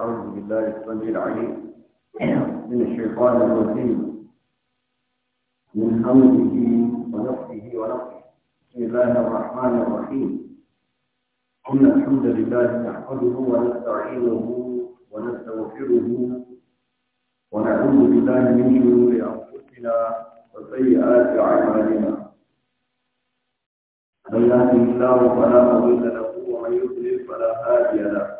أعوذ بالله السميع العليم من الشيطان الرجيم من حمده ونفسه ونفسه بسم الله الرحمن الرحيم إن الحمد لله نحمده ونستعينه ونستغفره ونعوذ بالله من شرور أنفسنا وسيئات أعمالنا من يهده الله فلا مضل له ومن يضلل فلا هادي له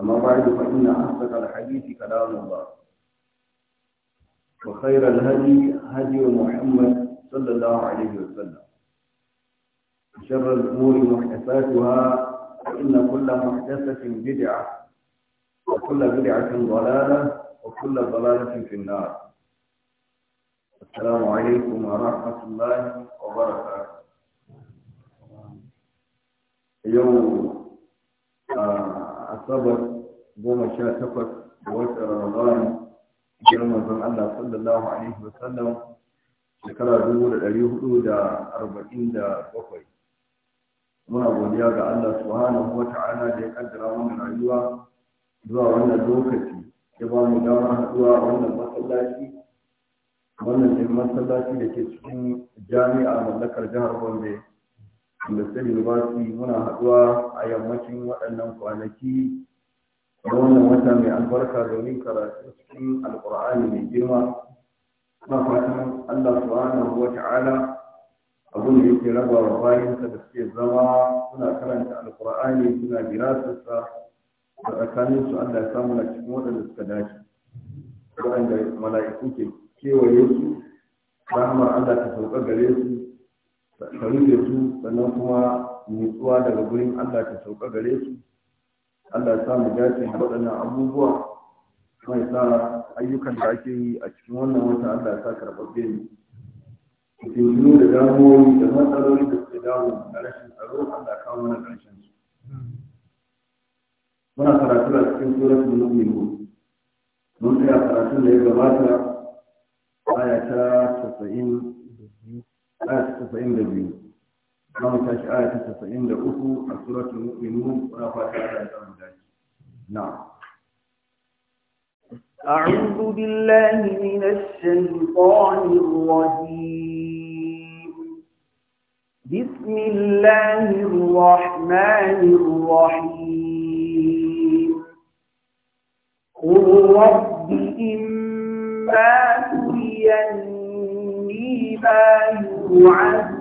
أما بعد فإن أصدق الحديث كلام الله وخير الهدي هدي محمد صلى الله عليه وسلم شر الأمور محدثاتها فإن كل محدثة بدعة وكل بدعة ضلالة وكل ضلالة في النار السلام عليكم ورحمة الله وبركاته اليوم أصبت آه، goma sha takwas da wata ramadan girman zan Allah sallallahu alaihi wa sallam shekara dubu da ɗari hudu da arba'in da bakwai muna godiya ga Allah subhanahu wa ta'ala da ya kaddara mana rayuwa zuwa wannan lokaci ya ba mu damar haɗuwa wannan masallaci wannan ne masallaci da ke cikin jami'a mallakar jihar Gombe da University muna haɗuwa a yammacin waɗannan kwanaki da wannan wata mai albarka domin karatu cikin alkur'ani mai girma na fatan allah subhanahu wata'ala ta'ala da yake raba wa bayansa da suke zama suna karanta alkur'ani suna dirasarsa da tsakanin su allah ya samu na cikin waɗanda suka dace waɗanda mala'iku ke kewaye su rahamar allah ta sauka gare su ta rufe su sannan kuma nutsuwa daga gurin allah ta sauka gare su Allah ya samu mu dace da waɗannan abubuwa kuma ya sa ayyukan da ake yi a cikin wannan wata Allah ya sa karɓaɓɓe ne fitintunu da damuwoyi da matsaloli da suke damu na rashin tsaro Allah ya kawo mana ƙarshen su muna karatu a cikin suratul mu'minun mun tsaya karatun da ya gabata aya ta 90 da biyu. لما نعم، تاش آية 90 لأخو سورة المؤمنون ولا فاتحة نعم أعوذ بالله من الشيطان الرجيم بسم الله الرحمن الرحيم قل رب إما تريني ما يوعدون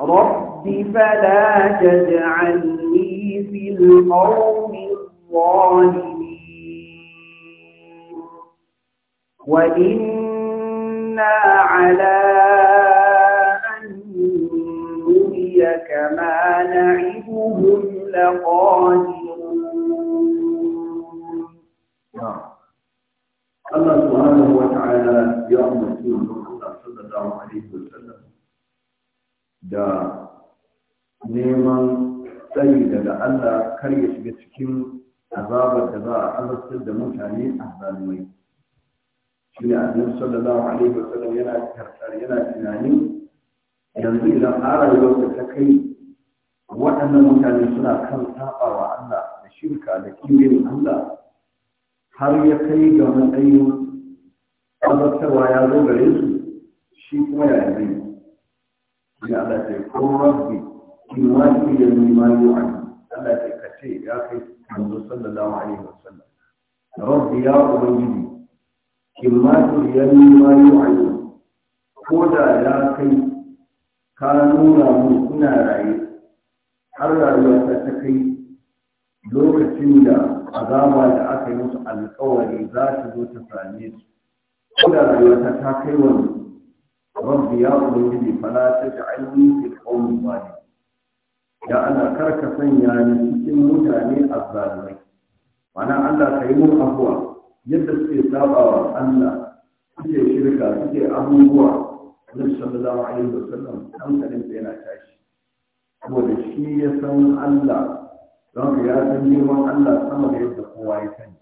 رب فلا تجعلني في القوم الظالمين وإنا على أن نريك ما نعدهم لقادرون نعم. الله سبحانه وتعالى يأمر da neman tsayi daga Allah kar ya shiga cikin azabar da za a azabtar da mutane a zalumai shi ne annabi sallallahu alaihi wasallam yana tartar yana tunani yanzu idan arayuwarsa ta kai waɗannan mutane suna kan saba Allah da shirka da kimin Allah har ya kai ga matsayin azabtarwa ya zo gare su shi kuma ya yi ya Allah ce ko rabbi in wani da ni ma yi wani Allah ce ka ce ya kai manzo sallallahu alaihi sallam rabbi ya ubangiji in ma ya ni ma yi wani ko da ya kai ka nuna mu ina raye har rayuwa ta kai lokacin da azaba da aka yi musu alkawari za ta zo ta same su ko da rayuwa ta kai wani rabbi ya ubangiji fala ta ja'alni fil qawmi zalim ya ana karka sanya ni cikin mutane azzalimai mana Allah ka yi mun abuwa yadda suke sabawa Allah suke shirka suke abubuwa Annabi sallallahu alaihi wasallam hankalin sa yana tashi saboda shi ya san Allah don ya san girman Allah sama da yadda kowa ya sani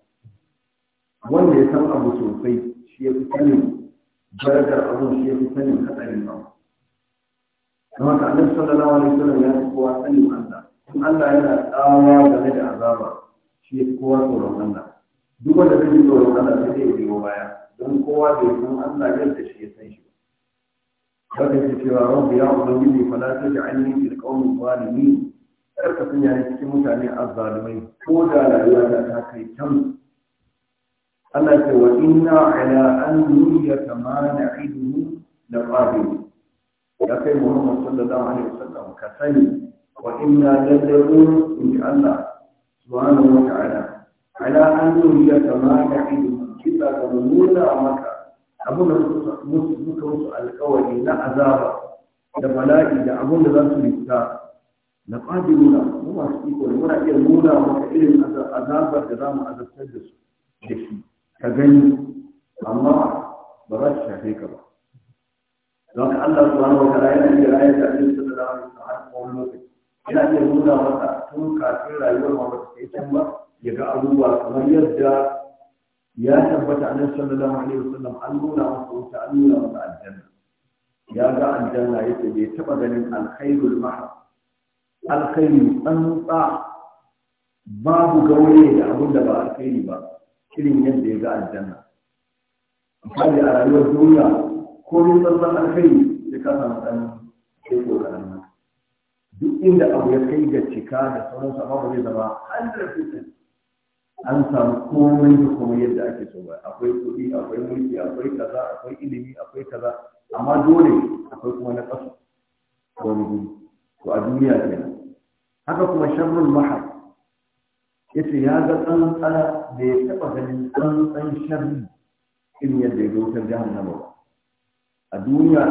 wanda ya san abu sosai shi ya fi sanin darajar abin shi ya fi sanin hatsari ba kamar ka annabi sallallahu alaihi wasallam ya fi kowa sanin Allah in Allah yana tsawa game da azaba shi ya fi kowa tsoron Allah duk wanda zai ji tsoron Allah sai zai biyo baya don kowa bai san Allah yadda shi ya san shi ba haka ke cewa rabbi ya ubangiji fa na taj'alni fil qawmi zalimin kar ka sanya ni cikin mutane azzalumai ko da rayuwa ta kai can Allah ce wa ina ala an kama ma ilimi da qabil ya kai Muhammad sallallahu alaihi wasallam ka sani wa inna ladalun in Allah subhanahu wa ta'ala ala an nuriyaka ma na'iduhu kita ga nuna maka abin da suka musu alkawari na azaba da bala'i da abin da za su rikta na qabiluna mu masu iko muna iya nuna maka irin azabar da za mu azabtar da su da shi ka gani amma ba za ta shafe ka ba don ka Allah subhanahu wa ta'ala yana iya rayar da abin da za mu sa har wani lokaci yana iya nuna masa tun kafin rayuwar ma ba ta kai can ba ya ga abubuwa kamar yadda ya tabbata a annabi sallallahu alaihi sallam an nuna masa wuta an nuna masa aljanna ya ga aljanna yace bai taba ganin alkhairul mahab alkhairi tsantsa babu gaure da abin da ba alkhairi ba irin yadda ya ga aljanna misali a rayuwar duniya ko ne tsantsan alkhairi sai ka samu ɗan sai kokarin nan duk inda abu ya kai ga cika da sauransu amma ba zai zama 100% an samu komai da komai yadda ake so ba akwai kuɗi akwai mulki akwai kaza akwai ilimi akwai kaza amma dole akwai kuma na ƙasa wani to a duniya kenan haka kuma sharrul mahar yace ya ga tsantsara da ya taɓa ganin ɗan sharri in yadda ya ga wutar jahannama nama. a duniya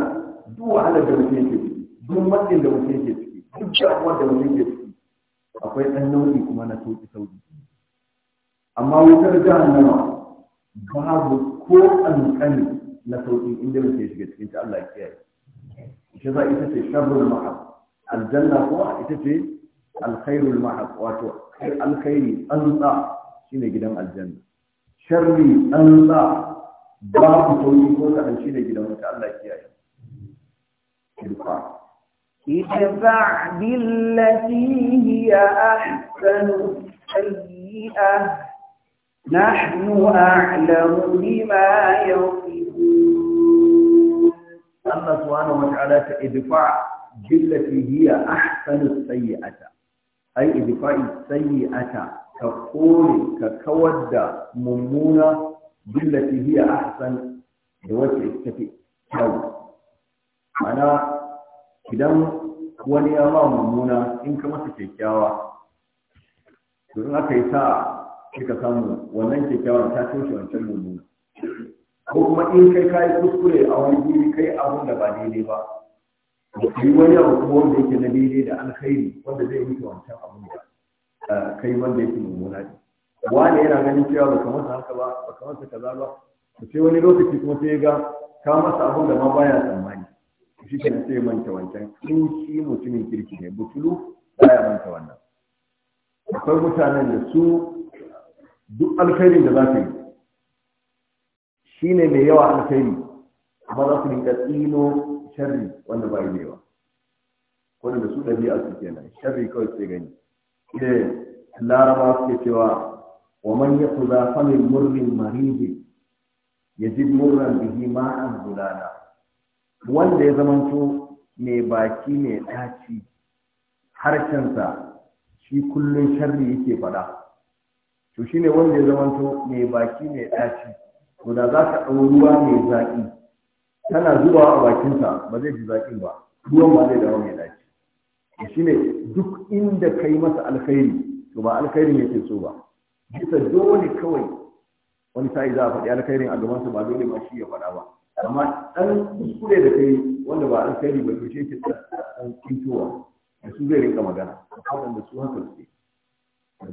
duk wahalar da mutum yake ciki duk matsin da mutum yake ciki duk damuwar da mutum yake ciki akwai ɗan nau'i kuma na sauki sauki. amma wutar jahannama babu ko ƙanƙani na sauki inda mutum ya shiga cikin ta Allah ya kiyaye shi za ita ce sharrul mahab aljanna kuma ita ce الخير المحض واتو خير الخير انطا شنو جدام الجنه شر انطا باب توي كو تا شنو جدام تا الله كياي كيفا كيفا بالتي هي احسن السيئه نحن اعلم بما يوقفون الله سبحانه وتعالى ادفع بالتي هي احسن السيئه ai idfa'i sayyi'ata ka kore ka kawar da mummuna billati hiya ahsan da wacce ta fi kyau ana idan wani ya ma mummuna in ka masa kyakkyawa to in aka yi sa kika samu wannan kyakkyawan ta toshe wancan mummuna ko kuma in kai kayi kuskure a wani kai abun da ba daidai ba yi wani abu kuma wanda yake na daidai da alkhairi wanda zai wuce wancan abin ba, eh, kai wanda yake mummuna ne wani yana ganin cewa baka masa haka ba baka masa kaza ba to sai wani lokaci kuma sai ga ka masa abun da ma baya tsammani shi ke sai manta wancan in shi mutumin kirki ne butulu baya manta wannan akwai mutanen da su duk alkhairin da za ka yi shine mai yawa alkhairi amma za su rinka tsino sharri wanda ba yi yawa da su a su kenan sharri kawai sai gani da laraba suke cewa wa man yakuza famin murrin ji yajid murran bihi ma'an gudana? wanda ya zamanto mai baki mai ɗaci harshensa shi kullum sharri yake faɗa to shine wanda ya zamanto mai baki mai ɗaci to da za ka ɗau ruwa mai zaƙi tana zuwa a bakinsa ba zai ji zaƙin ba ruwan ba zai dawo mai da shi ne duk inda ka yi masa alkhairi to ba alkhairin yake so ba bisa dole kawai wani sa'i za a faɗi alkhairin a gabansa ba dole ba shi ya faɗa ba amma ɗan kuskure da kai wanda ba alkhairi ba to shi yake ɗan kintowa da su zai rinka magana waɗanda su haka suke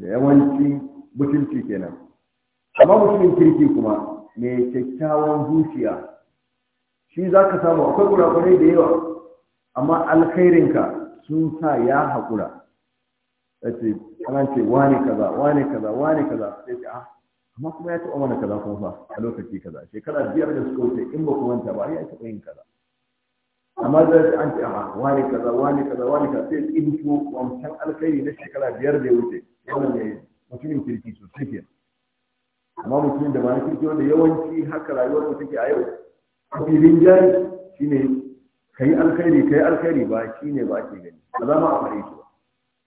da yawanci mutunci kenan amma mutumin kirki kuma mai kyakkyawan zuciya shi za ka samu akwai kurakurai da yawa amma alkhairinka sun sa ya haƙura ya ce ana ce wane kaza wane kaza wane kaza sai ce ah amma kuma ya taɓa mana kaza kuma fa a lokaci kaza shekara biyar da suka wuce in ba ku manta ba ya taɓa yin kaza amma zai ta an ce ah wane kaza wane kaza wane kaza sai tsinto wancan alkhairi na shekara biyar da ya wuce wannan ne mutumin kirki sosai ke amma mutumin da ba na kirki wanda yawanci haka rayuwar mu take a yau mafi jari shi ne ka yi alkhairi ka yi alkhairi ba shi ne ba ke gani ba za ma a faɗi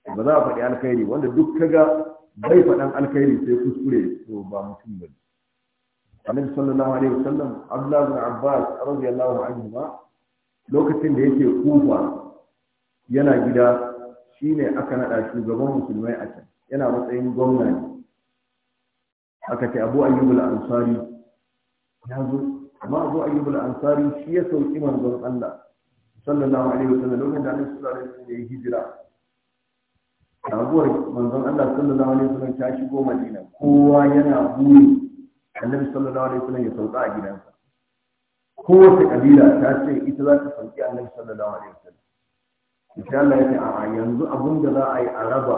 shi ba za a faɗi alkhairi wanda duk ka ga bai faɗan alkhairi sai kuskure to ba mutum ba ne annabi sallallahu alaihi wasallam abdullah bin abbas radiyallahu anhu ma lokacin da yake kufa yana gida shine aka nada shugaban musulmai a can yana matsayin gwamna ne aka ce abu ayyub al-ansari ya zo amma abu ayyub al-ansari shi ya sauki manzon Allah sallallahu alaihi wasallam lokacin da annabi sallallahu alaihi wasallam ya hijira taguwar manzon Allah sallallahu alaihi wasallam ta shigo Madina kowa yana buri annabi sallallahu alaihi wasallam ya sauka a gidansa kowace kabila ta ce ita za ta sauki annabi sallallahu alaihi wasallam insha Allah ya ce a yanzu abun da za a yi a raba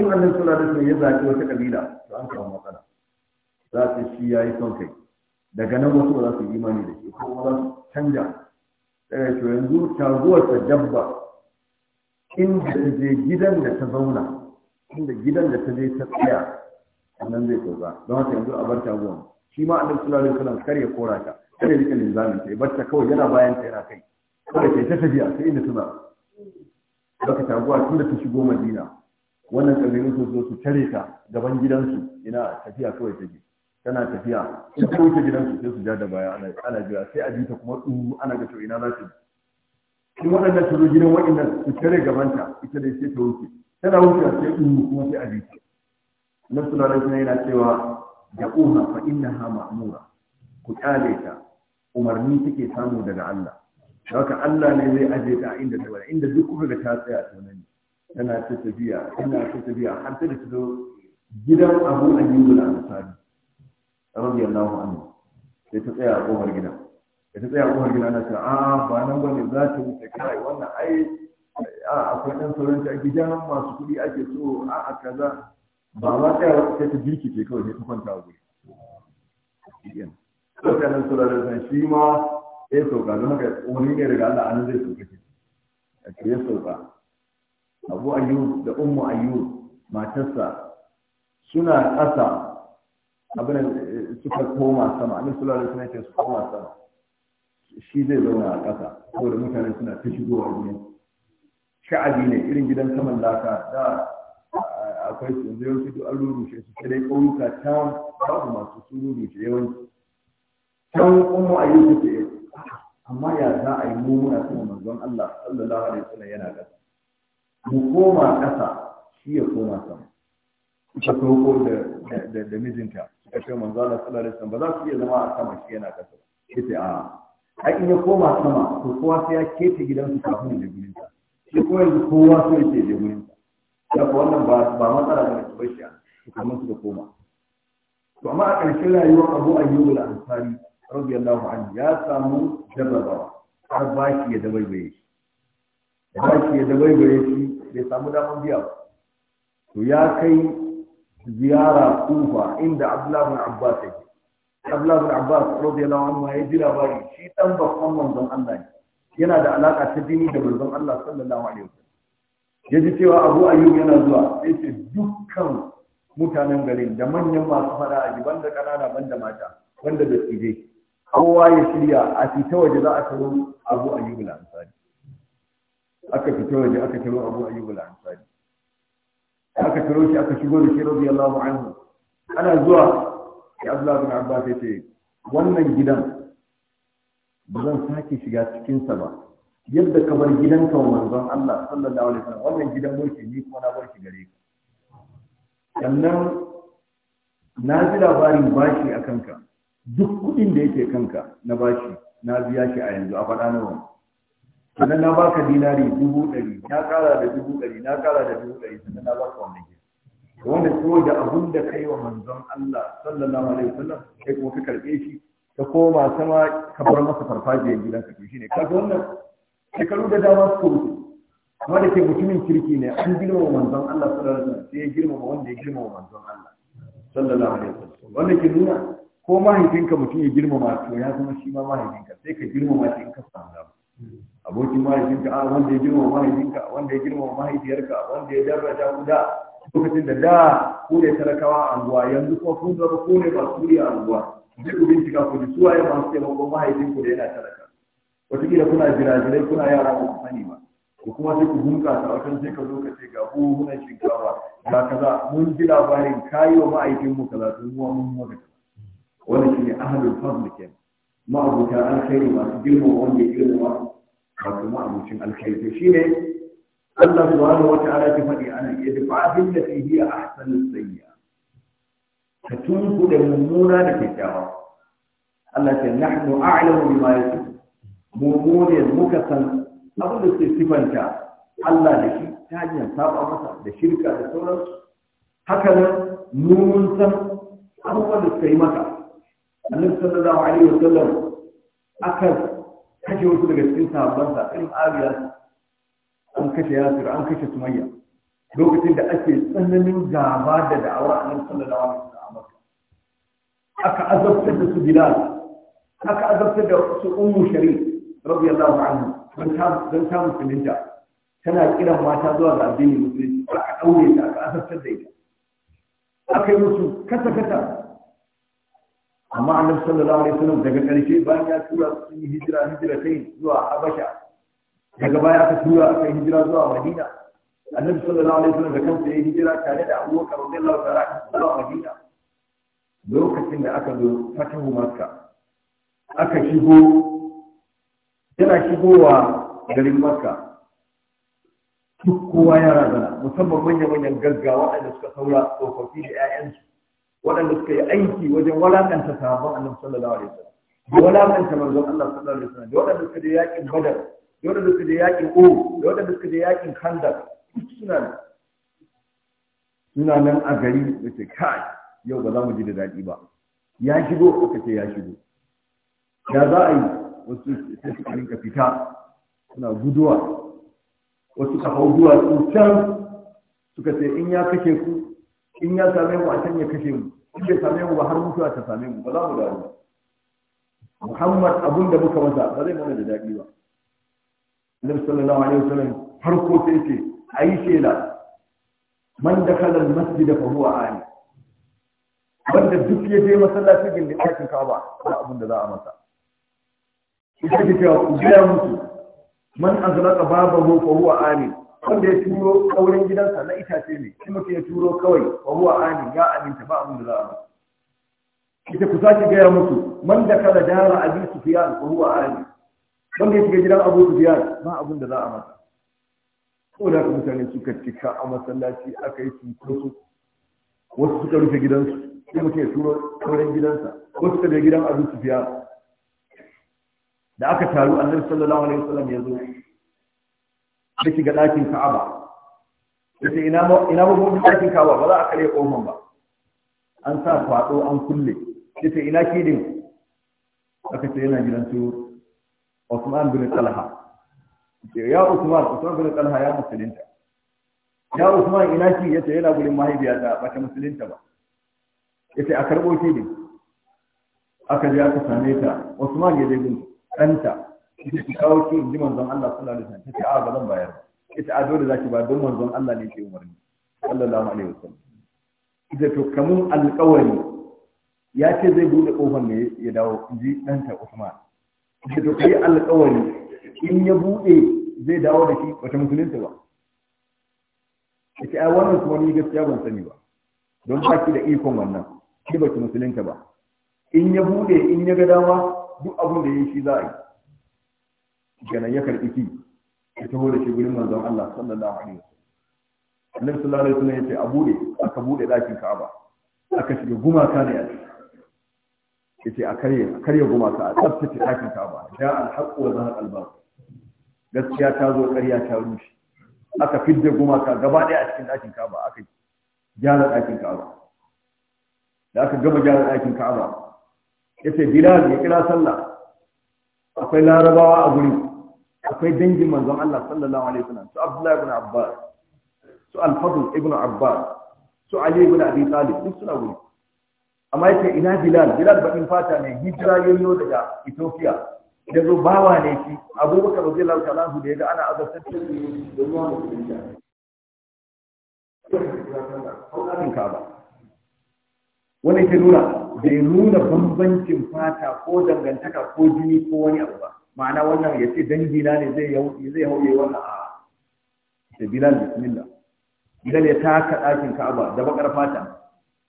in annabi sallallahu alaihi wasallam ya zaki wata kabila to an samu matsala za ta shi yayi son kai daga nan wasu ba za su yi imani da shi ko ba za su canja daga to yanzu taguwar ta dabba inda ta je gidan da ta zauna inda gidan da ta je ta tsaya nan zai sauka don haka yanzu a bar taguwar shi ma annabi sallallahu alaihi wasallam kar ya kora ta kar ya rike linzamin ta bar ta kawai yana bayan ta yana kai kawai ke ta tafiya sai inda tana baka taguwa tunda ta shigo madina wannan kabilun su zo su tare ta gaban gidansu ina tafiya kawai ta je tana tafiya in ta wuce gidansu sai su ja da baya ana ana jira sai a jita kuma tsuru ana ga to ina za ta in waɗannan ta zo gidan waɗannan su tare gabanta ita dai sai ta wuce tana wuce sai tsuru kuma sai a jita nan suna da suna yana cewa da uha fa innaha ma'mura ku kyale ta umarni take samu daga Allah haka Allah ne zai aje ta inda ta bari inda duk kuka ga ta tsaya to nan tana ta tafiya tana ta tafiya har ta da ta zo gidan Abu Ayyub al-Ansari radiyallahu anhu sai ta tsaya a kofar gida Sai ta tsaya a kofar gida na ce a ah, ba nan ba ne, za ta wuce kai wannan ai a akwai ɗan sauran ta gida masu kuɗi ake so a a kaza ba ma tsaya wata sai ta jirkice kawai sai ta kwanta a guri iyan sai nan sauraron san shi ma ya sauka don haka wani ne daga Allah anan zai sauka shi a ce ya sauka Abu Ayyub da Ummu ayyu matarsa suna ƙasa abin eh, suka koma sama annabi sallallahu alaihi suna ya ce su koma sama shi zai zauna a ƙasa saboda mutane suna ta a ne sha'abi ne irin gidan saman laka da akwai su zai wasu duk an rurushe su sai dai ƙauyuka town babu masu su rurushe yawanci can kuma a yi suke amma ya za a yi mu muna sama manzon Allah sallallahu alaihi wasallam yana ƙasa mu koma ƙasa shi ya koma sama suka soko da mijinta suka ce manzo Allah sallallahu alaihi wasallam ba za su iya zama a sama shi yana kasa yace a ai in ya koma sama to kowa sai ya kete su kafin da gurin sa shi ko yanzu kowa sai ya da gurin sa Ya ko wannan ba ba matsala da ba shi a kamar su da koma to amma a ƙarshen rayuwar Abu Ayyub al-Ansari radiyallahu anhu ya samu dababa har baki ya dabaibaye shi baki ya dabaibaye shi bai samu damar biya ba to ya kai ziyara kufa inda abdullahi bin abbas yake abdullahi bin abbas radiyallahu anhu ya ji labari shi dan babban manzon Allah ne yana da alaka ta jini da manzon Allah sallallahu alaihi wasallam ya ji cewa abu ayyub yana zuwa sai ce dukkan mutanen garin da manyan masu fada a jiban da kanana banda mata banda da tsije kowa ya shirya a fita waje za a taro abu ayyub al-ansari aka fita waje aka taro abu ayyub al-ansari aka karo shi aka shigo da shi radiyallahu anhu ana zuwa ya Abdullah bin Abbas yace wannan gidan ba zan sake shiga cikin sa ba yadda ka bar ka wa manzon Allah sallallahu alaihi wasallam wannan gidan mulki ni kuma na bar shi gare ka sannan na ji labarin bashi a kanka duk kuɗin da yake kanka na bashi na biya shi a yanzu a faɗa nawa sannan na baka dinari dubu ɗari na ƙara da dubu ɗari na ƙara da dubu ɗari sannan na baka wannan gida wanda da abun da kai wa manzon Allah sallallahu alaihi wasallam kai kuma ka karbe shi ka koma sama ka bar masa farfajiyar ka to shine kaga wannan shekaru da dama su wuce amma da ke mutumin kirki ne an wa manzon Allah sallallahu alaihi wasallam sai ya ma wanda ya girmama manzon Allah sallallahu alaihi wasallam wanda ke nuna ko mahaifinka mutum ya girmama to ya zama shi ma mahaifinka sai ka girmama shi in ka samu abokin mahaifinka a wanda ya girma mahaifinka wanda ya girma mahaifiyarka wanda ya daraja ku lokacin da da ku ne talakawa anguwa yanzu kuma kun zama ku ne masu a anguwa sai ku bincika ku ji suwaye masu taimakon mahaifinku da yana talaka wataƙila kuna jirajirai kuna yara ba ku sani ba ko kuma sai ku ta wajen sai ka zo ka ce ga muna shinkafa ga kaza mun ji labarin kayi wa mahaifinmu mu kaza sun muwa mun muwa kaza wannan ne ahlul fadl kenan ma'abuta alkhairi masu girma wanda ya girma wato ma'abucin alkhairi to shine Allah subhanahu wata'ala ta faɗi ana iya dafa abin da fi hiya ahsanu sayya ka tunkuɗe mummuna da kyakkyawa Allah ce nahnu a'lamu bima yasifun mummune muka san abin da suke sifanta Allah da shi ta hanyar saba masa da shirka da sauransu haka nan mun san abubuwan da suka yi maka النبي صلى الله عليه وسلم أكل حجي وصل لك السنسة عبرتها إلم آبيا أنكش ياسر أنكش سمية لو كنت أنت أسيس أن من جابادة دعوة النبي صلى الله عليه وسلم أكا أذب سد سبيلات أكا أذب سد أم شريف رضي الله عنه من كان من كان في النجاة كان إلى ما تدور على الدين المسلم ولا أولي أكا أذب سد أكا يوسف كسا كسا amma annabi sallallahu alaihi wasallam daga ƙarshe bayan ya tura su sun yi hijira hijira kai zuwa habasha daga baya aka tura aka hijira zuwa madina annabi sallallahu alaihi wasallam da kansa ya hijira tare da Abu Bakar radiyallahu ta'ala zuwa madina lokacin da aka zo fatahu makka aka shigo yana shigowa garin maka, duk kowa ya razana musamman manya-manyan gaggawa waɗanda suka saura tsofaffi da 'ya'yansu waɗanda suka yi aiki wajen walakanta sahabban annabi sallallahu alaihi wasallam da walakanta manzon Allah sallallahu alaihi wasallam da waɗanda suka je yakin badar da waɗanda suka je yakin uhud da waɗanda suka je yakin khandaq duk suna nan suna nan a gari da ce kai yau ba za mu ji da daɗi ba ya shigo aka ce ya shigo Da za a yi wasu sai suka rinka fita suna guduwa wasu ka hau duwatsu can suka ce in ya kashe ku in ya same mu a can ya kashe mu kuke same mu ba har mutuwa ta same mu ba za mu dawo Muhammad abun da muka masa ba zai mana da daɗi ba Annabi sallallahu alaihi wasallam har ko sai ce ayi shela man da kala masjid fa huwa ani wanda duk ya je masallacin gindi ɗakin Ka'aba ba abun da za a masa shi ke cewa ku gaya musu man azlaqa babahu fa huwa amin wanda ya turo kaurin gidansa na itace ne shi mutum ya turo kawai wa huwa amin ya aminta ba abin da za a ba ita ku sake gaya musu man da kala dara abi sufyan wa huwa amin wanda ya shiga gidan abu fiya ba abin da za a masa ko da mutane suka cika a masallaci aka yi cinkoso wasu suka rufe gidansu shi mutum ya turo kaurin gidansa wasu suka je gidan abu fiya. da aka taru annabi sallallahu alaihi wasallam ya zo ya shiga ɗakin ka'aba ya ce ina mabobin ɗakin ka'aba ba za a karya ƙofan ba an sa kwaɗo an kulle ya ce ina kidin aka ce yana gidan su Osman bin Talha ya Usman Usman bin Talha ya musulunta ya Usman ina ki yace yana gurin mahaifiyata ba ta musulunta ba ce a karɓo ki ne aka je aka same ta Usman ya je gun ɗanta ita ki kawo ki in ji manzon Allah sallallahu alaihi wasallam ta ce a ba zan bayar ita a dole zaki ba don manzon Allah ne ke umarni sallallahu alaihi wasallam ita to kamun alƙawari ya ce zai bude kofar ne ya dawo in ji ɗanta Usman ita to kai alƙawari in ya bude zai dawo da shi bata musulunta ba ita a wannan kuma ni gaskiya ban sani ba don ba ki da ikon wannan ki baki musulunta ba in ya bude in ya ga dama duk abin da ya yi shi za a yi kenan ya karɓi ki ya taho da shi gurin manzon Allah sallallahu alaihi wasallam annabi sallallahu alaihi wasallam ya ce a bude aka bude dakin Ka'aba aka shiga gumaka ne a ciki yace a karye a karye gumaka a tsaftace dakin Ka'aba ja al wa zahaq al gaskiya ta zo ƙarya ta rushe aka fidda gumaka gaba ɗaya a cikin dakin Ka'aba aka gyara dakin Ka'aba da aka gama gyara dakin Ka'aba yace Bilal ya kira sallah akwai larabawa a guri akwai dangin manzon Allah sallallahu alaihi wasallam su Abdullah ibn Abbas su Al-Fadl ibn Abbas su Ali ibn Abi Talib duk suna guri amma yake ina Bilal Bilal bakin fata ne hijira yayyo daga Ethiopia da zo bawa ne shi Abubakar radiyallahu ta'ala hu da yaga ana azabtar da shi domin wannan Wani ke nuna bai nuna bambancin fata ko dangantaka ko jini ko wani abu ba ma'ana wannan ya ce dangina ne zai hau hauye wannan a da bilal bismillah idan ya taka ɗakin ka'aba da bakar fata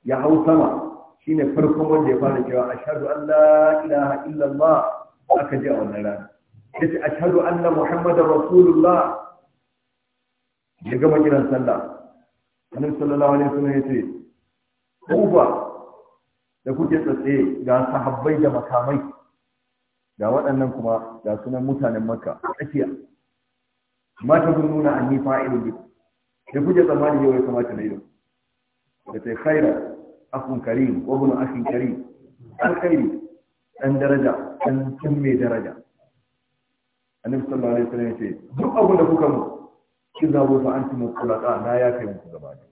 ya hau sama shine farkon wanda ya fara cewa ashhadu an la ilaha illallah aka ji a wannan rana yace ashhadu anna muhammadar rasulullah ya gama kiran sallah annabi sallallahu alaihi wasallam yace uba da kuke tsatse ga sahabbai da makamai ga waɗannan kuma ga sunan mutanen makka tsakiya ma ta nuna an yi fa'ilin bi da kuke tsammani yau ya kamata na yau da ta khaira akun karim wa bunu akhin karim alkhairi ɗan daraja ɗan cin mai daraja annabi sallallahu alaihi wasallam ya ce duk abin da kuka mu kin zabo fa antum khulaqa na ya kai muku gaba ɗaya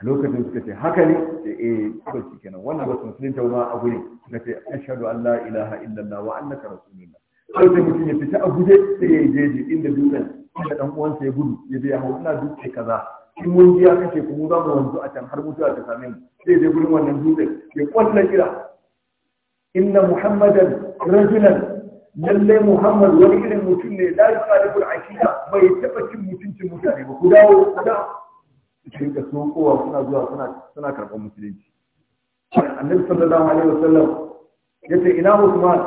a lokacin suka ce haka ne da eh to shi kenan wannan ba su musulunta ba a gure suka ce ashhadu an la ilaha illallah wa annaka rasulullah sai sai mutum ya fita a guje sai ya je inda dutsen inda dan uwansa ya gudu ya je ya hau ina dutse kaza in mun ji ya kace kuma za mu wanzu a can har mutuwa ta same mu sai je gurin wannan dutsen ya kwalla kira inna muhammadan rajulan lalle muhammad wani irin mutum ne la yuqalibul aqida bai taba cin mutuncin mutane ba ku dawo ku dawo cikin da kowa suna zuwa suna karɓar musulunci annabi sallallahu alaihi wasallam ce ina Usman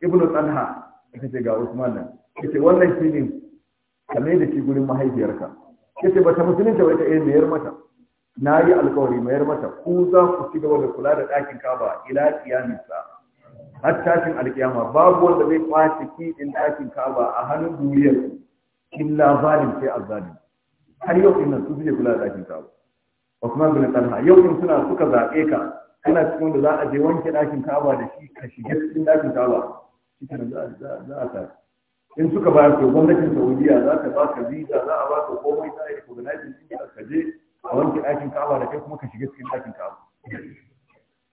ibn Talha ya ce ga Usman nan ce wannan shi Ka kame da shi gurin mahaifiyarka Ya yace bata musulunta ba ita eh mayar mata na yi alkawari mayar mata ku za ku ci gaba da kula da ɗakin kaba ila kiyamisa har tashin alkiyama babu wanda zai kwace kiɗin ɗakin kaba a hannun duniyar illa zalim sai azzalim har yau din nan su suke kula da ɗakin kaba Usman bin Talha yau in suna suka zaɓe ka kana cikin da za a je wanke ɗakin kaba da shi ka shiga cikin ɗakin kaba shi za a sa in suka bayar to gwamnatin Saudiya za ta ba ka visa za a ba ka komai za a yi organizing din ka je a wanke ɗakin kaba da kai kuma ka shiga cikin ɗakin kaba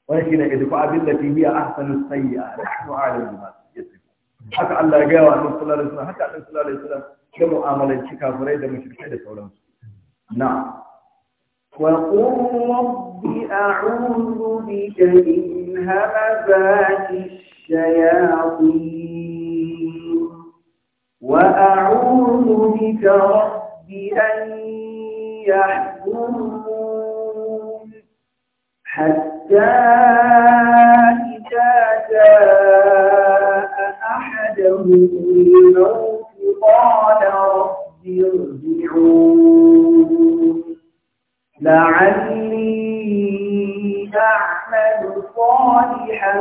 wani shine idfa abillati hiya ahsanu sayyi'a nahnu a'lamu bima yasif haka Allah ya gaya wa Annabi sallallahu alaihi wasallam haka Annabi sallallahu alaihi wasallam ya mu'amalanci نعم. وقل رب أعوذ بك من همزات الشياطين وأعوذ بك رب أن يحضرون حتى إذا جاء أحدهم الموت قال رب ارجعون لعلي أعمل صالحا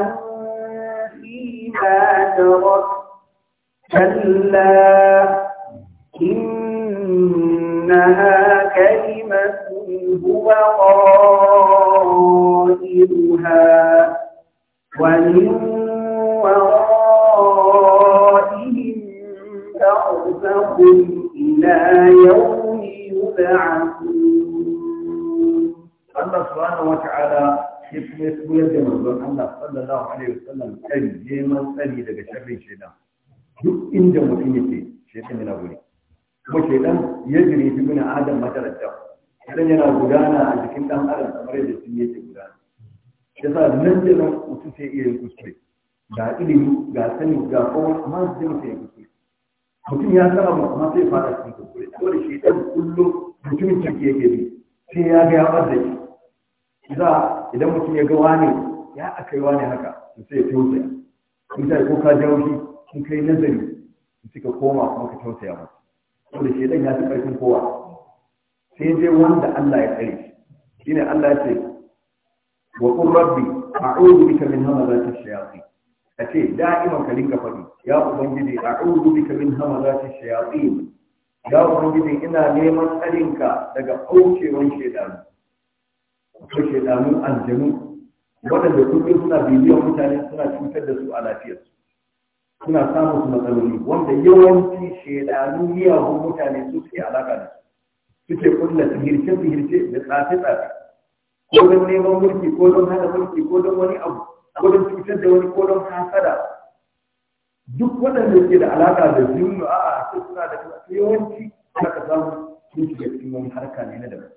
فيما تركت كلا إنها كلمة هو قائلها ومن وراء يرزقهم إلى يوم يبعثون الله سبحانه وتعالى يكون يسوي جمال الله صلى الله عليه وسلم كان جمال سلي لك شر الشيطان duk inda mutum yake shaitan yana guri kuma shaitan ya jiri fi bin adam matarata shaitan yana gudana a jikin dan adam kamar yadda sun yake gudana yasa nan da mutum sai iya yin kuskure ga ilimi ga sani ga kowa amma zai mutum ya kuskure mutum ya san abu amma sai fara cikin kuskure ko da shi dan kullum mutumin ciki yake bi sai ya ga ya ɓadda shi za idan mutum ya ga wani ya akai wani haka sai ya tausaya in sai ko ka jawo shi in kai nazari in suka koma kuma ka tausaya masa ko da shi dan ya fi karfin kowa sai dai wanda Allah ya tsare shi shine Allah ya ce wa qur rabbi a'udhu bika min hamazati shayatin a ce da'iman ka dinga faɗi ya ubangiji a'udhu bika min ta shayatin ya ubangiji ina neman tsarinka daga aukewan shedanu ko shedanu aljanu waɗanda kullum suna bibiyar mutane suna cutar da su a lafiyarsu suna samun su matsaloli wanda yawanci shedanu miyagun mutane su suke alaƙa da su suke kulla sihirce sihirce da tsafe tsafe ko don neman mulki ko don hana mulki ko don wani abu ko cutar da wani ko don hasada duk waɗanda ke da alaƙa da zunnu a sai suna da yawanci ana ka samu sun shiga cikin wani harka ne na daban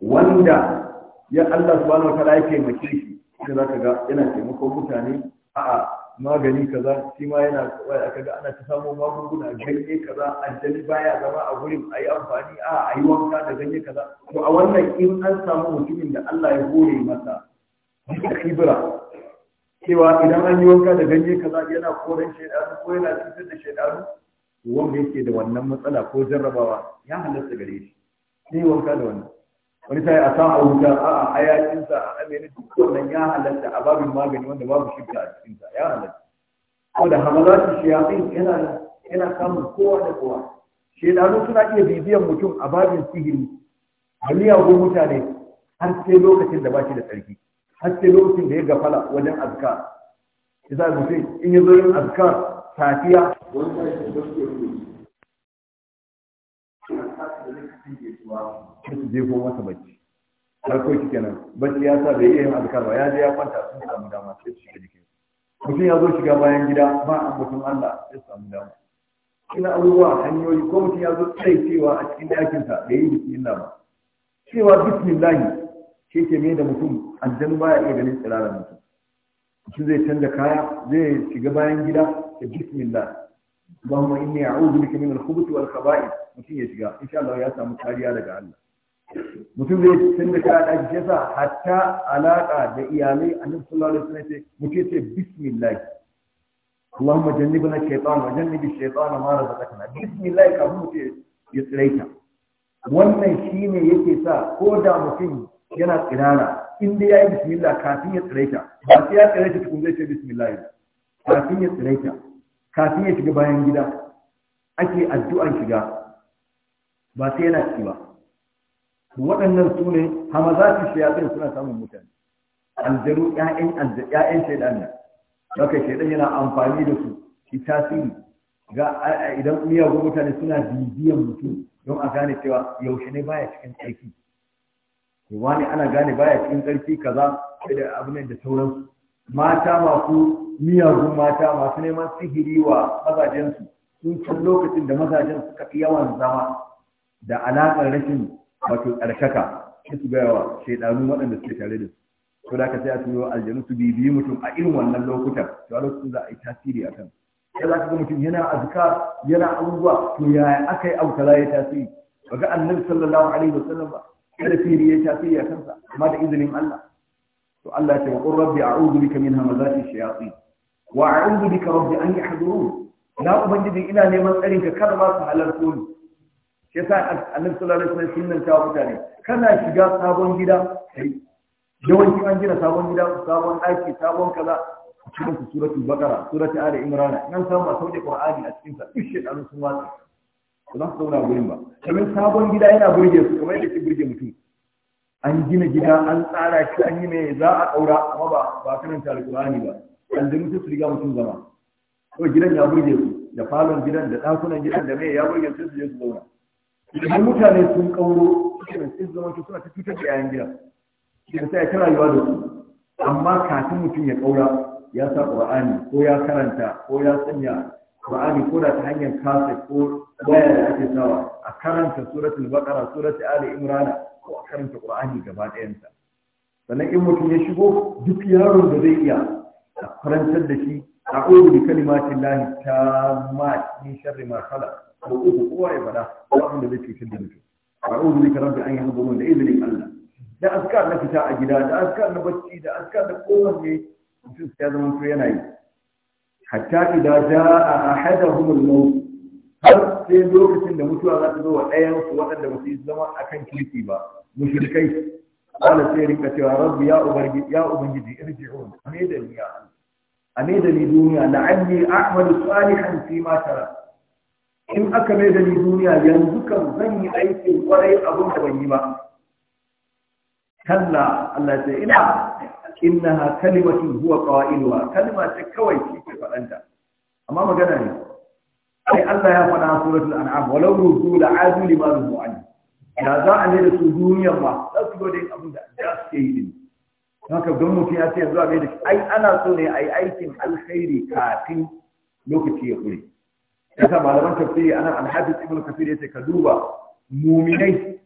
wanda ya Allah subhanahu wataala ya taimake shi sai za ka ga yana taimakon mutane a'a magani kaza shi ma yana aka ga ana ta samun magunguna ganye kaza aljani baya zama a gurin a yi amfani a a yi wanka da ganye kaza to a wannan in an samu mutumin da Allah ya hore masa duka kibira cewa idan an yi wanka da ganye kaza yana koren shaidaru ko yana cutar da shaidaru wanda yake da wannan matsala ko jarrabawa ya halatta gare shi sai wanka da wannan wani sai a sa'a wuta a hayakin sa a amene duk wannan ya halatta a babin magani wanda babu shirka a cikin sa ya halatta ko da shi shayatin yana yana samun kowa da kowa shaidaru suna iya bibiyan mutum a babin sihiri a miyagun mutane har sai lokacin da ba shi da tsarki har lokacin da ya gafala wajen azkar idan mutum in ya zo yin azkar safiya wani sai da ke su jefo masa bacci har ko shi kenan bacci ya sa bai iya yin azkar ba ya je ya kwanta sun samu dama sai su shiga jikin mutum ya zo shiga bayan gida ba a mutum Allah sai su samu dama ina abubuwa hanyoyi ko mutum ya zo tsaye cewa a cikin ɗakinsa da yi bismillah ba cewa bismillah shi ke mai da mutum aljan baya iya ganin tsirarar mutum mutum zai canza kaya zai shiga bayan gida da bismillah Allahumma inni ne bika min al-khubuthi wal khaba'ith mutum ya shiga insha Allah ya samu kariya daga Allah mutum zai canza kaya da jasa hatta alaƙa da iyalai a nan sallallahu alaihi wasallam ce mutum ce bismillah Allahumma jannibna shaytan wa jannibi shaytan ma razaqtana bismillah kafin mutum ya tsiraita wannan shi shine yake sa ko da mutum yana tsirara in dai yi bismillah kafin ya tsiraita ba sai ya ta tukun zai ce bismillah kafin ya tsiraita kafin ya shiga bayan gida ake addu'an shiga ba sai yana ciki ba waɗannan su ne hamazati shayatin suna samun mutane aljaru ƴaƴan ƴaƴan shaydan ne haka shaydan yana amfani da su shi tasiri ga idan miyagun mutane suna bibiyan mutum don a gane cewa yaushe ne baya cikin aiki Eh, wani ana gane baya cikin ƙarfi kaza da abin da sauransu mata masu miyagun mata masu neman sihiri wa mazajensu sun can lokacin da mazajen suka fi yawan zama da alaƙar rashin wato ƙarshaka sai su gaya wa shaidanu waɗanda suke tare da su Ko da ka sai a aljanu su bibiyi mutum a irin wannan lokutan to a lokacin za a yi tasiri a kan sai za ka ga mutum yana azuka yana abubuwa to yaya aka yi abu kaza ya tasiri ba ga annabi sallallahu alaihi sallam ba kada sihiri ya shafi ya kansa amma da izinin Allah to Allah ya ce wa qur rabbi a'udhu bika min hamazati shayatin wa a'udhu bika rabbi an yahdurun na ubangiji ina neman tsarin ka kada ma su halarto ni shi yasa annabi sallallahu alaihi wasallam sunnan ta mutane kana shiga sabon gida kai yawanci an gina sabon gida sabon ɗaki sabon kaza cikin suratul baqara suratul ali imran nan samu a sauke qur'ani a cikin sa duk shedanu sun watsa ba su zauna gurin ba kamar sabon gida yana burge su kamar yadda ke burge mutum an gina gida an tsara shi an yi mai za a ɗaura amma ba ba karanta alƙur'ani ba aljanu sai su riga mutum zama kawai gidan ya burge su da falon gidan da ɗakunan gidan da mai ya burge su su su zauna idan mutane sun ƙauro irin sun zama suna ta cutar da yayan gida da sai ta rayuwa da su amma kafin mutum ya ƙaura ya sa ƙur'ani ko ya karanta ko ya sanya Qur'ani ko da ta hanyar kasa ko waya da ake sawa a karanta suratul baqara suratul ali imran ko a karanta Qur'ani gaba ɗayansa sannan in mutum ya shigo duk yaron da zai iya a karantar da shi a'udhu bi kalimatin lahi tammat min sharri ma khalaq ko uku kowa ya fada ko abin da zai cutar da mutum a'udhu bika rabbi an yahdurun da izinin Allah da askar na fita a gida da askar na bacci da askar na kowanne mutum ya zama to yana yi hatta idan jaa a al-maut har sai lokacin da mutuwa za ta zo wa ɗayan su waɗanda ba su yi zama akan kirki ba mushrikai qala sai rinka cewa rabbi ya ubangiji ya ubangiji irji'un da ni da ni duniya la'anni a'malu salihan fi ma tara in aka mai da ni duniya yanzu kan zan yi aikin kwarai abin da ban yi ba kalla Allah ce ina innaha kalimatun huwa qailuha Kalima ce kawai shi ke faɗanta amma magana ne sai Allah ya faɗa a suratul an'am walau ruzu la adu lima da za a ne da su duniyar ba za su gode abin da suke yi din haka don mutum ya ce yanzu a da shi ai ana so ne ai aikin alkhairi kafin lokaci ya kure yasa malaman tafsiri ana alhaji ibn kafir yace ka duba muminai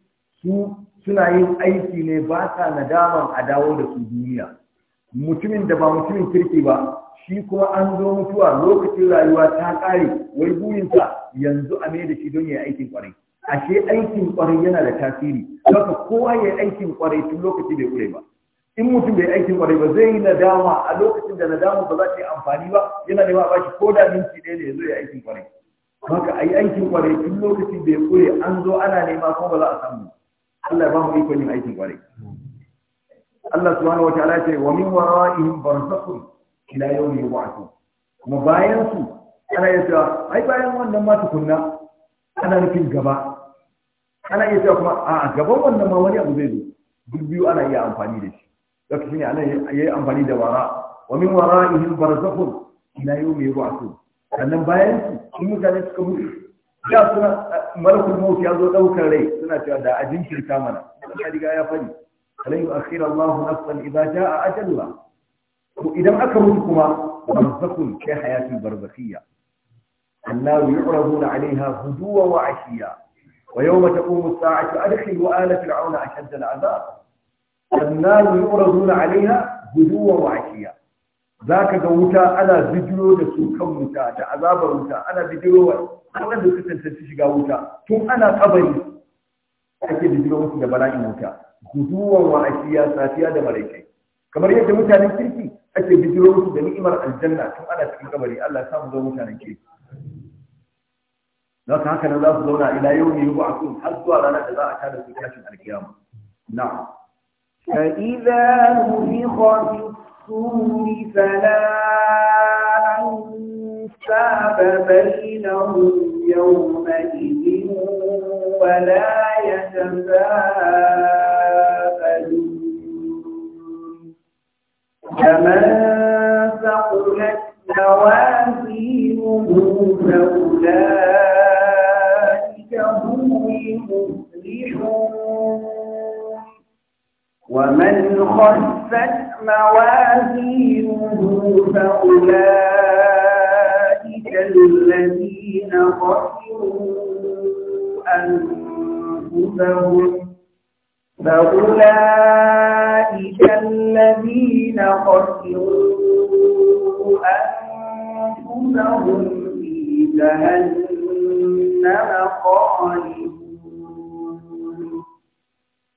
su suna yin aiki ne ba sa nadaman a dawo da su duniya mutumin da ba mutumin kirki ba shi kuma an zo mutuwa lokacin rayuwa ta ƙare wai buyinsa yanzu a mai da shi don ya aikin kwarai ashe aikin kwarai yana da tasiri saka kowa ya aikin kwarai tun lokaci bai kure ba in mutum bai aikin kwarai ba zai yi nadama a lokacin da nadama ba za ta yi amfani ba yana nema ba shi ko da minti ɗaya ne ya ya aikin kwarai haka a yi aikin kwarai tun lokaci bai kure an zo ana nema ko ba za a samu ba. Allah ya ba mu ikon yin aikin kwarai Allah subhanahu wa ta'ala ce wa min wara'ihim barzakhun ila yawmi yub'athun kuma bayan su ana iya cewa ai bayan wannan ma tukunna ana nufin gaba ana iya cewa kuma a gaban wannan ma wani abu zai zo duk biyu ana iya amfani da shi zaka shine ana yayi amfani da wara wa min wara'ihim barzakhun ila yawmi yub'athun sannan bayan su in mutane suka mutu ya suna ملك الموت يزو دوك لي سنت يدا أجن شر كامنا هذا جاء فني هل يؤخر الله نفسا إذا جاء أجل وإذا أكرمكما برزق في حياة البرزخية الناس يعرضون عليها هدوء وعشية ويوم تقوم الساعة أدخل وآل فرعون أشد العذاب الناس يعرضون عليها هدوء وعشية za ka ga wuta ana bidiro da su kan wuta da azabar wuta ana bidiro wa waɗanda suka tantance shiga wuta tun ana kabari ake bidiro musu da bala'in wuta guduwan wa ashiya safiya da maraice kamar yadda mutanen kirki ake bidiro musu da ni'imar aljanna tun ana cikin kabari Allah ya samu zama mutanen kirki za ka haka nan za su zauna ila yau ne yubu akun har zuwa ranar da za a tada su tashin alkiyama na'am فإذا نفخ في الرسول فلا أنساب بينهم يومئذ ولا يتساءلون فمن ثقلت موازينه فأولئك هم المفلحون ومن خفت موازينه فأولئك الذين خسروا أنفسهم فأولئك الذين خسروا أنفسهم في جهنم خالدون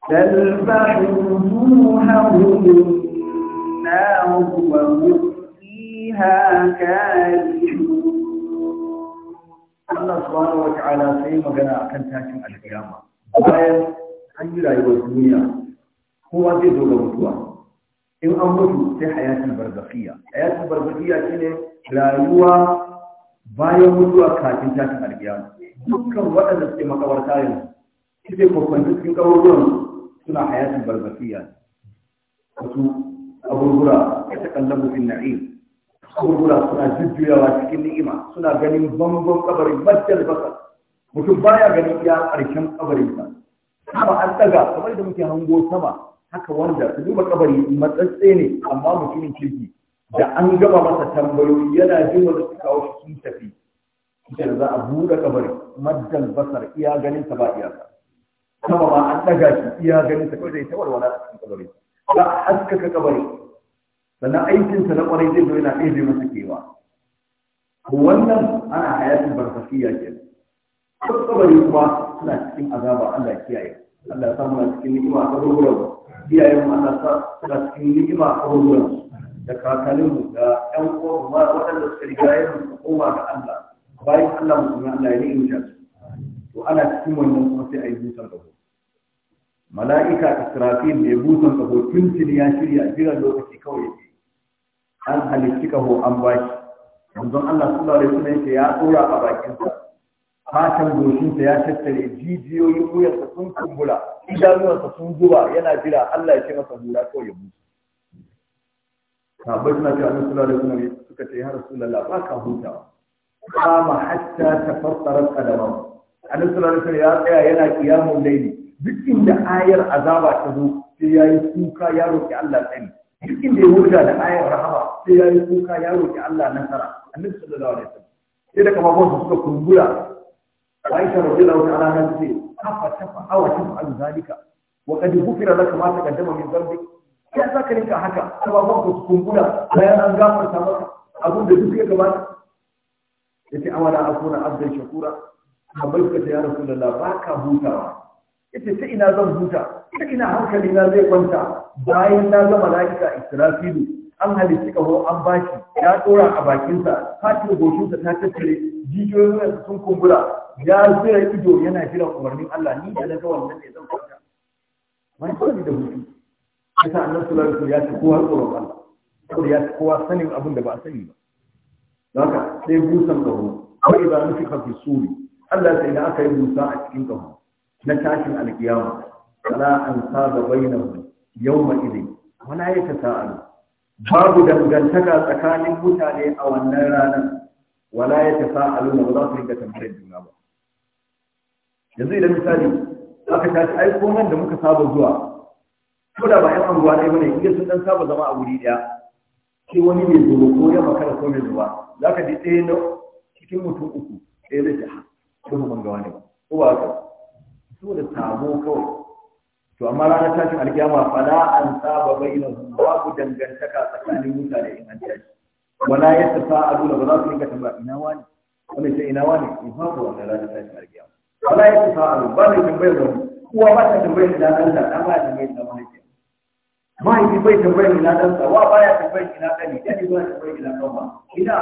تلفح وجوههم النار وهم فيها كالحون Allah subhanahu wa ta'ala sai magana akan tashin alkiyama bayan an yi rayuwar duniya kowa zai zo ga mutuwa in an mutu sai hayatul barzakhiyya shine rayuwa bayan mutuwa kafin ta alkiyama dukkan waɗanda suke makabarta yanzu suke kokwanci cikin kaburburan suna hayatul barzakhiyya wasu abubuwa ya takallamu bin na'im abubuwa suna jujjuyawa cikin ni'ima suna ganin bambam kabarin majal baka mutum baya ganin ya karshen kabarin sa amma an daga kamar da muke hango sama haka wanda su duba kabari matsatse ne amma mutumin kirki da an gama masa tambayoyi yana jin wanda su kawo shi sun tafi da za a buɗe kabari majal basar iya ganin ta ba iyaka kuma ma an daga shi iya ganin ta, kawai zai ita walwala a cikin kabari za a haskaka kabari sannan aikinsa na kwarai zai zo yana ɗebe masa kewa wannan ana hayatin barfasiya ke duk kabari kuma suna cikin azaba Allah kiyaye Allah ya samu na cikin ni'ima a kaburburan iyayen mu Allah sa suna cikin ni'ima a kaburburan da kakannin mu da ƴan uwan mu waɗanda suka riga yin su koma ga Allah bayan Allah mu kuma Allah ya ni'imta su to ana cikin wannan kuma sai a yi da gaba mala'ika israfil ya busan kaho Cini ya shirya jiran lokaci kawai yake an halitti kaho an baki Yanzu Allah sallallahu alaihi wasallam yake ya tsora a bakinsa fatan goshinsa ya tattare jijiyoyin wuyarsa sun kumbura idanuwansa sun zuba yana jira Allah ya ce masa hura kawai ya busa sahabbai suna cewa annabi sallallahu alaihi wasallam suka ce ya rasulullah ba ka hutawa kama hatta tafassara qadamahu annabi sallallahu alaihi wasallam ya tsaya yana qiyamul layli duk inda ayar azaba ta zo sai ya yi kuka ya roƙi Allah tsari duk inda ya huta da ayar rahama sai ya yi kuka ya roƙi Allah nasara annabi sallallahu alaihi wasallam sai da kafafun su suka kumbura Aisha radiyallahu ta'ala ta ce afa tafa awa tafa an zalika wa qad ghufira laka ma taqaddama min dhanbik ya saka rinka haka kafafun su kumbura bayan an gafarta maka abin da duk ya gabata yace awala akuna abdan shakura amma kace ya rasulullah baka hutawa ita ta ina zan huta ita ina hankali na zai kwanta bayan na zama malaika Israfilu an halitta kawo an bashi ya tsora a bakinsa fatin goshinsa ta tattare jijiyoyin sun kumbura ya zira ido yana jiran umarnin Allah ni da na ga wannan ne zan kwanta wani kawai da hutu Ya annan annabi sallallahu ya ci kowa tsoron Allah ya ci kowa sanin abin da ba a sani ba haka sai busan kawo ko idan nufi kafin suri Allah sai da aka yi busa a cikin kawo na tashin alkiyama wala an saba bainahu yawma idin wala yatasaalu babu dangantaka tsakanin mutane a wannan ranar wala yatasaalu na ba za su rinka tambayar juna ba yanzu idan misali aka tashi ai ko nan da muka saba zuwa ko da ba yan anguwa ne bane inda sun dan saba zama a wuri daya sai wani mai zuwa ko ya makara ko mai zuwa zaka ji ɗaya na cikin mutum uku ɗaya zai ce ha ko ban ga wani ba ko ba haka so da sabo kawai to amma ranar tashin alkiyama fala an saba bainahum babu dangantaka tsakanin mutane in an tashi wala yatafa'alu ba za su rinka tambaya ina wani Wani sai ina wani in babu wannan ranar tashin alkiyama wala yatafa'alu ba mai tambayar wani uwa ba ta tambayar da dan da dan ba ta tambayar ina mahaifi mahaifi bai tambayar ina dan sa wa baya tambayar ina kani kani ba tambayar ina kan ba ina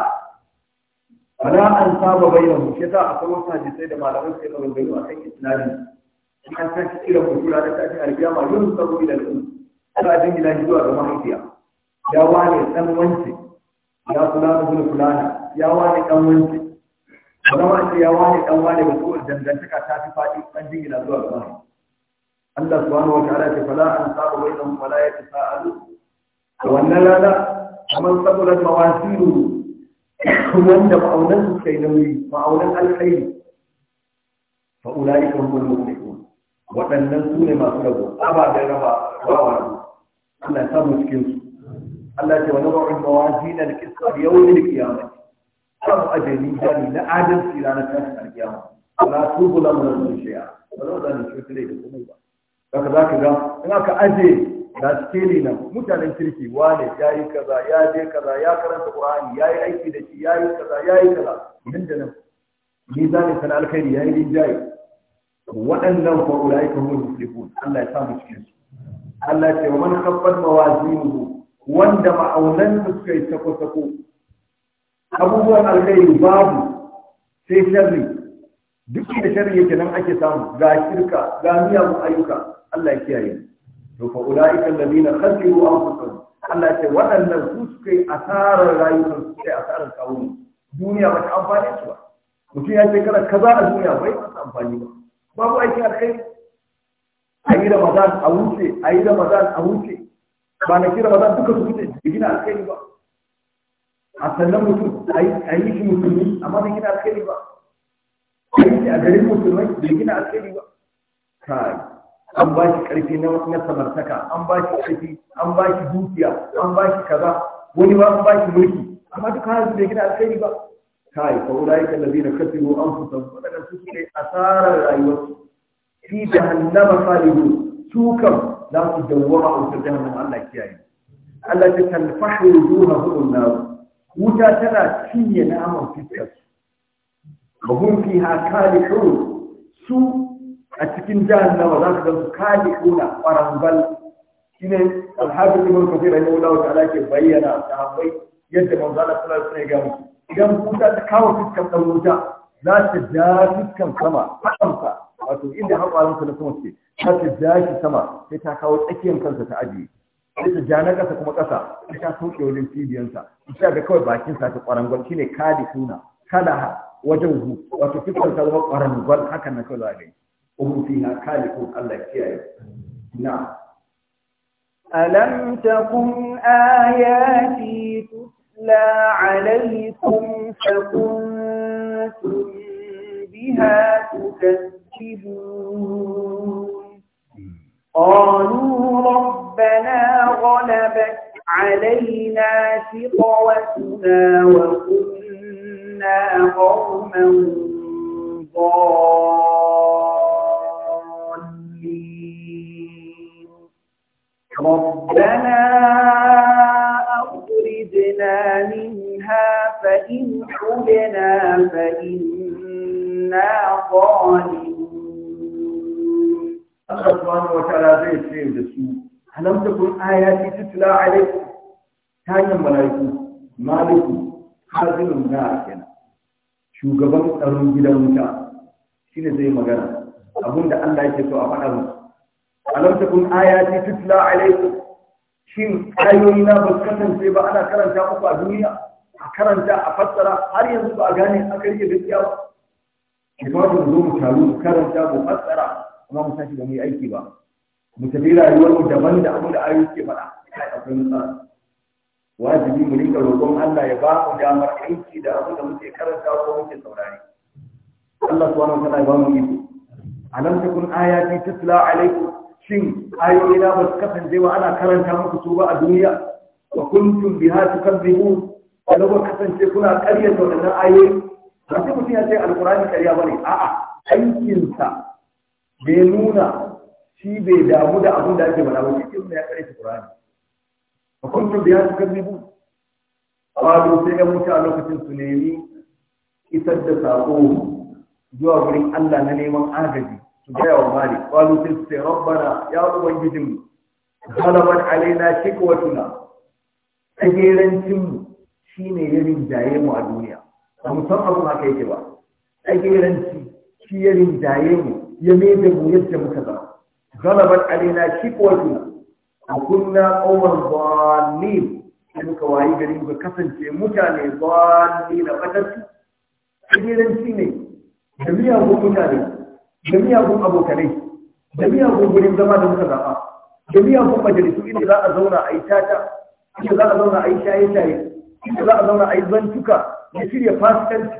wala an saba bayyana shi yasa akwai wasu sai da malamai sai ka bayyana a kan isnadin an san irin mutura da tashi alkiyama yun sabu ila al'um ana jingina shi zuwa ga mahaifiya ya wane dan wance ya fulana bin fulana ya wane dan wance ba ma ce ya wane dan wane ba ko dangantaka ta fi faɗi an jingina zuwa ga mahaifiya Allah subhanahu wataala ya ce fala an sabu bainahum wala yatasaalu wannan lada kamar saboda mawasiru wanda ma'aunan su kai nauyi ma'aunan alkhairi fa ulaika humul mu'minun waɗannan su ne masu rabo ababen raba bawa ne Allah ta mu cikin su Allah ce wani ba'in mawazin al-qisr yawm al-qiyamah kam ajali jani na adalci ranar a tashin al-qiyamah wala tubula min al-shay'a wala da ni shukri da kuma ba za ka ga in aka aje da skeli nan mutanen kirki wane ya yi kaza ya je kaza ya karanta qur'ani ya yi aiki da shi ya yi kaza ya yi kaza nan da nan ni zani sana alkhairi ya yi rinjaye waɗannan fa kan humul muflihun Allah ya sa mu cikin su Allah ce wa man khaffat mawazinu wanda ma'aunan su suka yi sako sako abubuwan alkhairi babu sai sharri duk da sharri yake nan ake samu ga shirka ga miyagun ayyuka Allah ya kiyaye to fa ulaika alladhina khasiru anfusahum Allah ce waɗannan su suka yi asarar rayuwar su kai asarar kawo duniya ba ta amfani su ba mutum ya ce kada kaza a duniya bai ta amfani ba babu a kai a yi ramadan a wuce a yi ramadan a wuce Ba kira ramadan duka su wuce da gina alkhairi ba a sannan mutum a yi shi musulmi amma da gina alkhairi ba a yi shi a garin musulmai da gina alkhairi ba kai an ba shi karfi na samartaka an ba shi karfi an ba shi dukiya an ba shi kaza wani ba an ba shi mulki amma duka hanzu da gina alkhairi ba هاي فأولئك الذين خسروا أنفسهم ولن تسمع أثار الأيوة في جهنم خالدون توكم لا تدورها في جهنم الله كيائي التي تنفح وجوههم النار وجا ترى كي ينام في الكس وهم فيها كالحون سو أتكين جهنم وذلك كالحون ورنبل إن الحافظ من كثير أنه الله تعالى يبين تعبي يد من ذلك ثلاث سنة idan wuta ta kawo fuskan ɗan wuta za ta ja fuskan sama kansa wato inda haƙwarinsa na sama suke za ta ja shi sama sai ta kawo tsakiyar kansa ta ajiye sai ta ja na ƙasa kuma ƙasa sai ta soke wajen cibiyar sa. ita ga kawai bakinsa ta ƙwarangwal shine kadi suna kalaha wajen hu wato fuskan ta zama ƙwarangwal hakan na kawai za a gani umu fiha kalikun Allah kiyaye na'am ألم تكن آياتي تتلى عليكم فكنتم بها تكذبون قالوا ربنا غلبت علينا شقوتنا وكنا قوما ضالين ربنا شربنا منها فإن حلنا فإنا ظالمون الله سبحانه وتعالى ألم تكن آياتي تتلى عليكم كان الملائكة مالك حازم النار شو قبل أرون جدا متى شنو زي ما قال أبونا الله يتسوى أفعله ألم تكن آياتي تتلى عليكم shin ayoyi na ba kasance ba ana karanta uku a duniya a karanta a fassara har yanzu ba a gane aka rike gaskiya ba kamata zo mu taru mu karanta mu fassara amma mu sake ba mu yi aiki ba mu tafi rayuwar mu daban da abin da ayoyi ke faɗa kai akwai matsala wajibi mu rika roƙon Allah ya ba mu damar aiki da abin da muke karanta ko muke saurari Allah subhanahu wa ta'ala ya ba mu iko alam takun ayati tatla alaikum shin ayoyi na ba su kasance ba ana karanta muku su ba a duniya wa kuntum biha tukadzibun wala ba kasance kuna da wannan ayoyi ba sai mutum ya ce alqur'ani ƙarya bane a'a aikinsa bai nuna shi bai damu da abin da ake bana ba shi ne ya ƙaryata alqur'ani wa kuntum biha tukadzibun qalu sai ga mutum a lokacin su nemi isar da sako zuwa gurin Allah na neman agaji gaya wa malik ƙwalu sai su sai rabbana ya mu galabar alaina shikwatuna tsagerancinmu shi ne yarin jaye mu a duniya ba mu san abu haka yake ba tsageranci shi yarin jaye mu ya mebe mu yadda muka zama galabar alaina shikwatuna a kunna ƙawar zalim sai muka wayi gari muka kasance mutane zalim na fatarsu tsageranci ne da miyagun mutane da miyagun abokanai da miyagun gurin zama da muka zaɓa da miyagun majalisu inda za a zauna a yi tata inda za a zauna a yi shaye-shaye inda za a zauna a yi zantuka na shirya fasikanci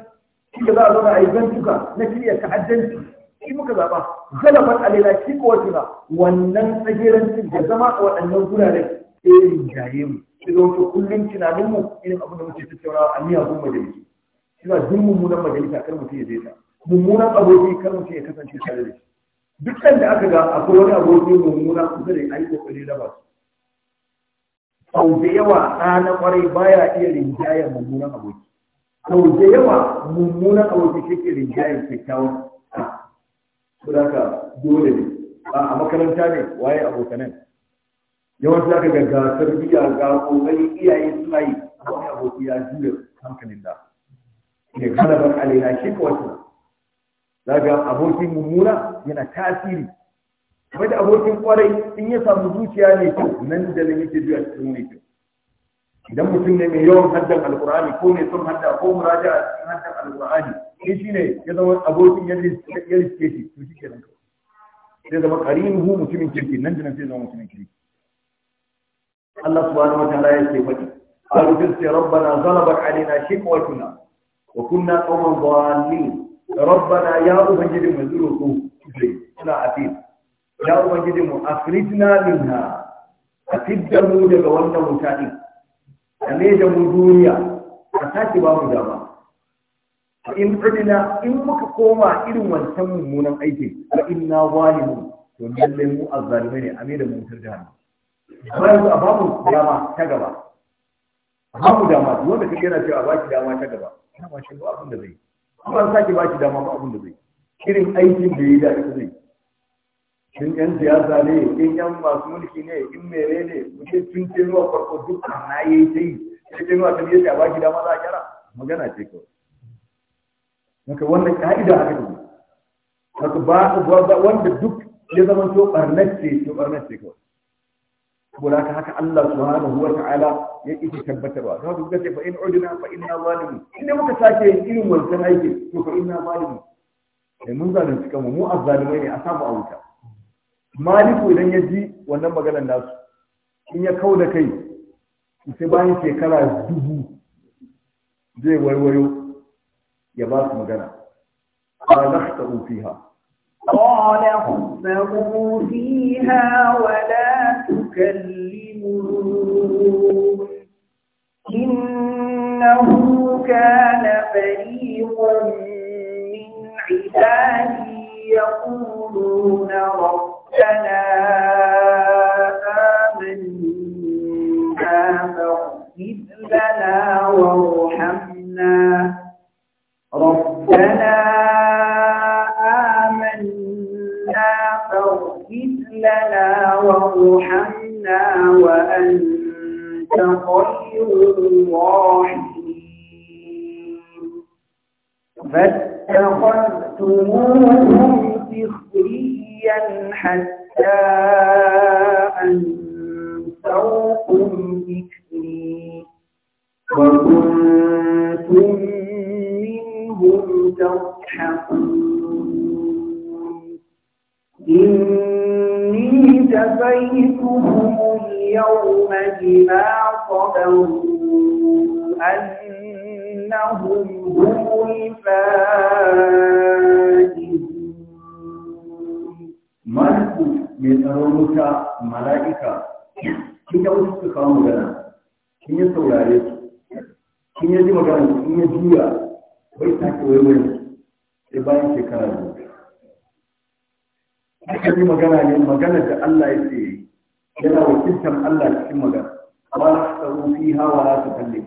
inda za a zauna a yi zantuka na shirya ta'addanci shi muka zaɓa galaban alaila shi ko wace ba wannan tsagerancin da zama a waɗannan guraren irin jaye mu shi da wata kullum tunaninmu irin abin da muke tattaunawa a miyagun majalisi suna ba duk mummunan majalisa kar mutum ya je ta mummunan aboki kar mutum ya kasance tare da shi duk da aka ga akwai wani aboki mummuna kusa da ai kokari da ba sau da yawa ɗana kwarai baya iya rinjayar mummunan aboki sau da yawa mummunan aboki shi ke rinjayen kyakkyawan saboda dole ne a makaranta ne waye abokanan yawanci aka ga ga tarbiyya ga kokari iyaye suna yi wani aboki ya juya hankalin da ke kana ban alina shi ko wata daga abokin mummuna yana tasiri kamar da abokin kwarai in ya samu zuciya ne kyau nan da nan yake zuwa cikin ne kyau idan mutum ne mai yawan haddan alkur'ani ko mai son hadda ko muraja a cikin haddan alkur'ani shi shine ya zama abokin ya riske shi to shi kenan sai zama hu mutumin kirki nan da nan sai zama mutumin kirki Allah subhanahu wa ta'ala ya ce faɗi قالوا تلك ربنا غلبت علينا wa kunna qawman dhalin rabbana ya ubangiji mu zuro ko suna afid ya ubangiji mu afridna minha afid da mu daga wannan wuta din da da mu duniya ka sake ba mu dama in udina in muka koma irin wancan mummunan aikin fa inna zalimun to lalle mu azzalimai ne ame da mu wutar hannu. bayan a ba mu dama ta gaba ba mu dama wanda kake yana cewa a baki dama ta gaba dama shi abin da zai yi an sake ba shi dama ba abin da zai irin aikin da ya yi da ita zai kin yan siyasa ne kin yan masu mulki ne kin mere ne mutum tun ce ruwa farko dukkan na yayi yi sai kin zuwa ne ya ba shi dama za a kira, magana ce kawai maka wannan ka'ida haka ne haka ba wanda duk ya zama to barnace to barnace kawai saboda haka haka Allah subhanahu wa ta'ala ya ƙi tabbatarwa za ku gace fa in udina fa inna zalimi inda muka sake yin irin wancan aiki to fa inna zalimi sai eh, mun zalunci kanmu mu azzalimai ne a samu a maliku idan ya ji wannan maganar nasu in ya kau da kai sai bayan shekara dubu zai warwayo ya ba su magana ba za قال اخسروا فيها ولا تنظروا يكلمون إنه كان فريق من عبادي يقولون ربنا آمنا فاغفر لنا وارحمنا ربنا آمنا فاغفر لنا وارحمنا وأنت خير الراحمين فاتخذتموهم سخريا حتى أنسوكم ذكري وكنتم منهم تضحكون إني جزيتهم اليوم بما صبروا أنهم هم الفائزون ملك من أرونك ملائكة kin ya wuce suka kawo magana kin ya saurare su kin ya ji magana kin ya juya bai take waiwayin sai bayan shekara biyu Akan yi magana ne magana da Allah ya ce yana wakiltar Allah cikin magana. Ba su tsaro fi hawa na su kalle.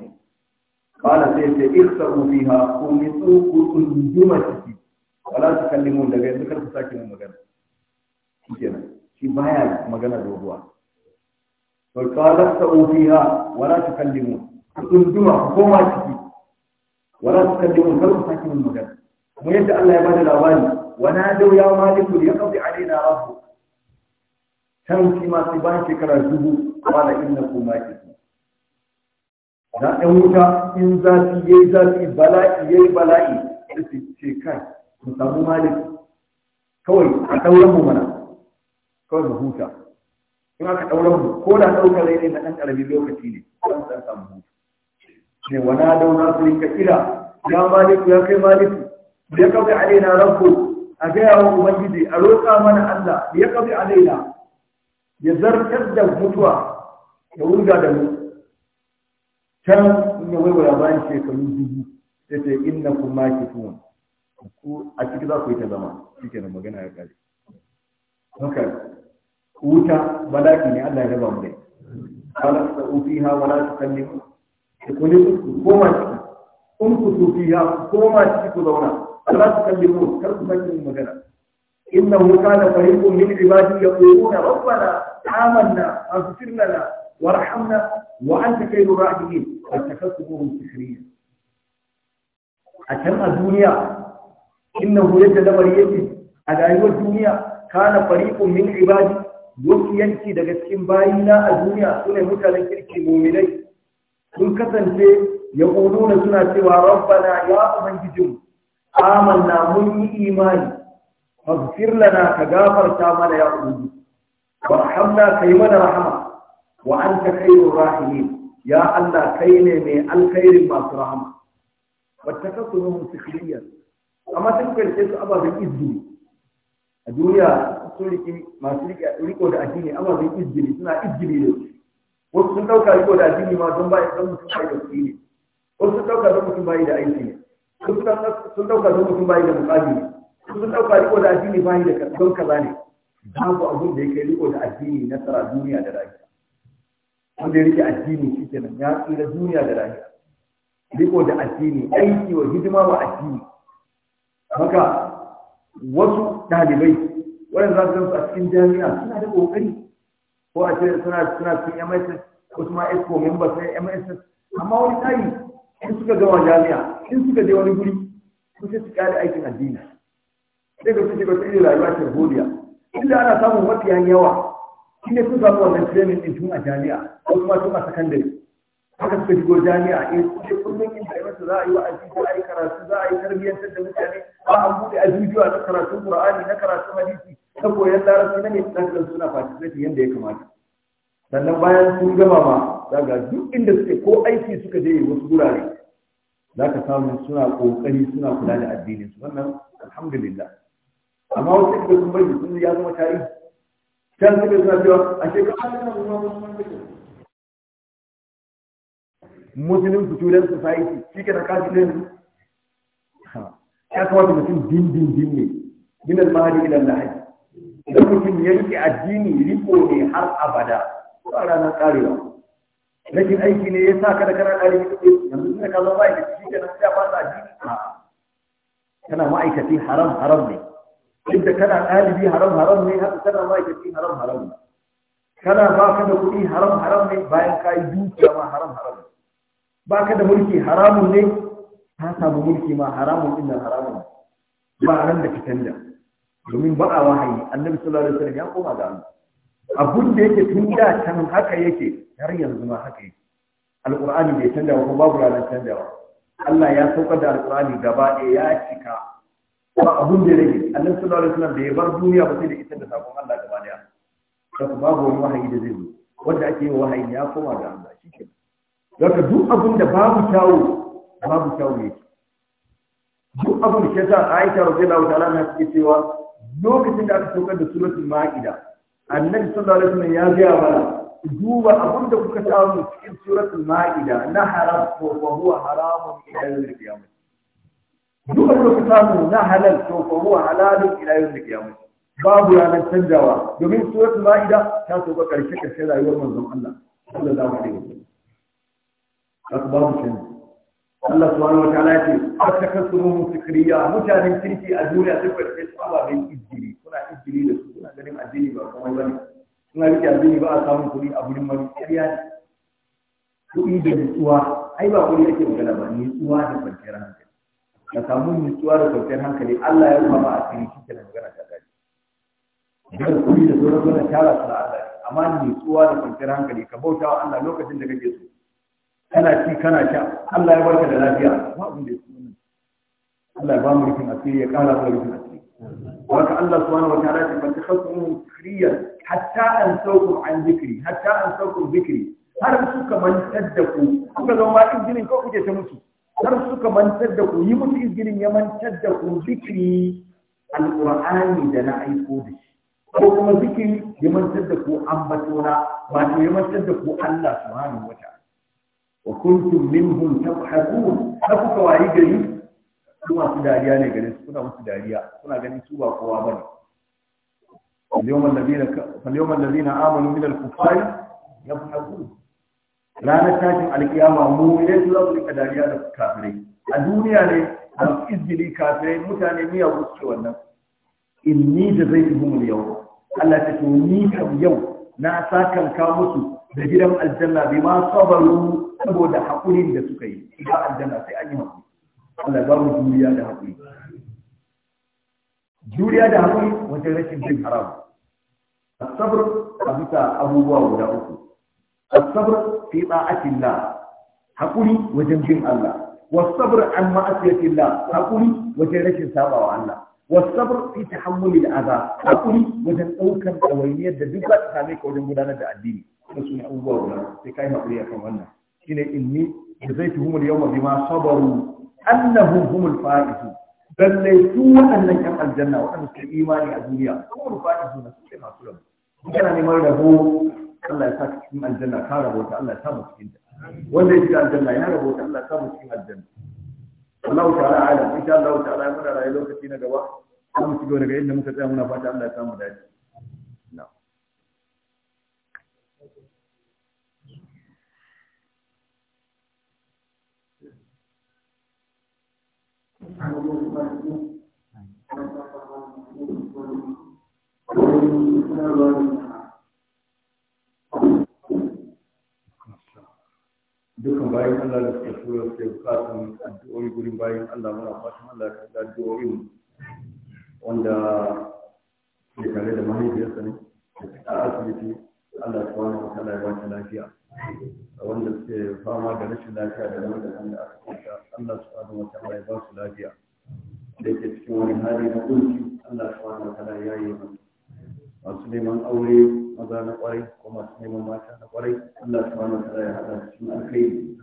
Ba sai ce ik tsaro fi ha ko mai tsoro ko tsunduma ciki. Ba za su kalle mun daga yanzu kar su sake mun magana. Shi kenan. Shi baya magana da Tsunduma, koma ciki. سعوا فيها ولا تكلمون تنزمها فقوما تكي ولا تكلمون فلو ساكن المجال ويجد الله يبادل الأواني ونادوا يا مالك ليقضي علينا ربك can shi ma sai bayan shekara dubu kwana inna ku maki na ɗan wuta in zafi ya yi zafi bala'i ya yi bala'i da su ce kai mu samu malik kawai a ɗauran mu mana kawai mu huta in aka ɗauran mu ko da ɗaukar rai ne na ɗan ƙaramin lokaci ne don san samu hutu ne wana dauna su ka kira ya maliku ya kai maliku ya kawai alaina ranku a gaya wa ubangiji a roƙa mana Allah ya kafi alaina ya zartar da mutuwa ya wurga da mu can in ya waiwaya bayan shekaru dubu ta ce inna kuma ki tuwon ku a ciki za ku yi ta zama shi kenan magana ya kare haka wuta bala'i ne Allah ya raba mu dai wala ta'u fiha wala kalli ku ne ku koma ciki in ku su fiha ku koma ciki ku zauna Allah su kalli mu kar su sanya mu magana inna hu kana fariqu min ibadi yaquluna rabbana amanna aghfir lana warhamna wa anta kayru rajiin atakasubuhum sikhriya atam ad-dunya innahu yajda mariyati adayu ad-dunya kana fariqu min ibadi yuqiyanti daga cikin bayina a duniya sune mutanen kirki mu'minai sun kasance ya ƙuluna suna cewa rabbana ya ubangijinmu amanna mun yi imani faghfir lana ka gafarta mana ya ubangi warhamna kai mana rahama wa anta khairur rahimin ya Allah kai ne mai alkhairin masu rahama mun sikhriyan amma sun karshe su ababen izini a duniya sun riƙe masu riko da addini ababen izini suna izini ne wasu sun ɗauka riko da addini ma don bayan don mutum bai da su ne wasu sun ɗauka don mutum bai da aiki ne sun ɗauka don mutum bayi da mukami sun ɗauka riko da addini bayi da don kaza ne babu abin da yake riko da addini na tsara duniya da rayuwa wanda ya rike addini shi kenan ya tsira duniya da rayuwa riko da addini aiki wa hidima wa addini haka wasu ɗalibai waɗanda za su a cikin jami'a suna da ƙoƙari ko a ce suna suna cikin MSS ko kuma ESCO member sai MSS amma wani tayi in suka gama jami'a in suka je wani guri sun sai su kare aikin addini sai ga su ce ba su iya rayuwa ta godiya inda ana samun mafiya yawa shi ne sun samu wannan training din tun a jami'a ko kuma tun a sakandare haka suka shigo jami'a in eh, sai kullum in da yawansu za a yi za a yi karatu za a yi tarbiyyantar da mutane ba an buɗe a na karatun qur'ani na karatun hadisi ta koyon larabci na ne ɗan suna participate yadda ya kamata sannan bayan sun gama ma daga duk inda suke ko aiki suka je wasu gurare za ka samu suna kokari suna kula da addinin su wannan alhamdulillah amma wasu da sun bari sun ya zama tarihi can suka suna cewa a shekara ta zama muslim student society shi ke da kashi ne ya kamata mutum dindindin ne min al-mahdi ila al-lahad idan mutum yanke addini riko ne har abada ba ranar karewa rashin aiki ne ya sa ka da kana ƙari yanzu da ka zo ba ya shi kenan ya fasa shi kana ma'aikaci haram haram ne inda kana ɗalibi haram haram ne haka kana ma'aikaci haram haram ne kana ba ka da kuɗi haram haram ne bayan ka yi dukiya ma haram haram ne ba ka da mulki haramun ne ka samu mulki ma haramun inda nan haramun ba nan da fitan da domin ba a wahayi annabi sallallahu alaihi wasallam ya koma ga Allah abun da yake tun da can haka yake har yanzu ma haka yake alqur'ani bai canjawa ko babu ranar canjawa Allah ya saukar da alqur'ani gaba ɗaya ya cika ba abun da yake annabi sallallahu alaihi wasallam bai bar duniya ba sai da ita da sakon Allah gaba ɗaya saboda babu wani wahayi da zai zo wanda ake yi wahayi ya koma ga Allah shikenan daga duk abun da babu kyawu babu kyawu yake duk abun da ke sa Aisha radiyallahu ta'ala na cewa lokacin da aka saukar da suratul ma'ida annabi sallallahu alaihi wasallam ya gaya mana duba abin da kuka samu cikin suratul ma'ida na haram ko wa huwa haramun ila yawmil qiyamah duk abin da kuka samu na halal to wa huwa halalun ila yawmil qiyamah babu ranar canjawa domin suratul ma'ida ta soka karshe karshe rayuwar manzon Allah sallallahu alaihi wasallam babu canji Allah subhanahu wa ta'ala ya ce a kasuru sikriya mutanen kirki a duniya sai ku su su ababen izgiri kuna izgiri da su kuna ganin addini ba kuma bane kuna rike addini ba a samun kuɗi a gurin mari kariya ne kuɗi da nutsuwa ai ba kuɗi yake magana ba nutsuwa da kwanciyar hankali ka samu nutsuwa da kwanciyar hankali Allah ya rufa ma a kiri shi kenan magana ta gari da kuɗi da sauran suna tara su da Allah amma nutsuwa da kwanciyar hankali ka bauta wa Allah lokacin da kake so kana ci kana sha Allah ya barka da lafiya ba abin da ya kuma Allah ya ba mu rikin asiri ya kara mu rikin asiri waka Allah subhanahu wa ta'ala ya fanta khasu kriya hatta an sauku an zikri hatta an sauku zikri har suka mantar da ku kuka zama injinin ko kuke ta musu har suka mantar da ku yi musu injinin ya mantar da ku zikri alqur'ani da na aiko da shi ko kuma zikri ya mantar da ku ambatona wato ya mantar da ku Allah subhanahu wa ta'ala wa kuntum minhum tadhakun har kuka wayi gari su ne gare su kuna musu dariya kuna ganin su ba kowa bane فاليوم الذين آمنوا من الكفار يضحكون ranar tashin alkiyama mu ne su zasu rika dariya da kafirai a duniya ne a izgili kafirai mutane miya wuce wannan inni da zai yi mu yau Allah ta ni kam yau na sakan ka musu da gidan aljanna bi ma saboda haƙurin da suka yi shiga aljanna sai an yi haƙuri Allah ba mu juriya da haƙuri juriya da haƙuri wajen rashin bin haram asabar a bisa abubuwa guda uku asabar fi ta'atillah haƙuri wajen bin Allah wasabar an ma'asiyatillah haƙuri wajen rashin sabawa Allah wasabar fi tahammulil adha haƙuri wajen ɗaukar ɗawainiyar da duk za ta same ka wajen gudanar da addini da su abubuwa guda sai kai haƙuri akan wannan shine inni jazaituhum al-yawma bima sabaru Annahu humul faizun lallai su waɗannan 'yan aljanna waɗanda suke imani a duniya su humul faizun suke masu rabu. kana neman rabo Allah ya sa ka cikin aljanna ka rabo ta Allah ya sa mu cikin ta wanda ya shiga aljanna ya rabo ta Allah ya sa mu cikin aljanna Allah ta'ala alam insha Allah ta'ala muna rayu lokaci na gaba za mu ci gaba daga inda muka tsaya muna fata Allah ya samu dace dukan bayan Allah da suka tura suke bukatun addu'o'i gurin bayan Allah muna fatan Allah ya da addu'o'in wanda ke tare da mahaifiyarsa ne a asibiti Allah wani wa ta'ala ya ba ta lafiya wanda suke fama da rashin lafiya da wanda da aka kusa Allah su subhanahu wa ta'ala ya ba su lafiya da yake cikin wani hali na kunci Allah subhanahu wa ta'ala ya yi mana masu neman aure maza na kwarai ko masu neman mata na kwarai Allah subhanahu wa ta'ala ya hada cikin alkhairi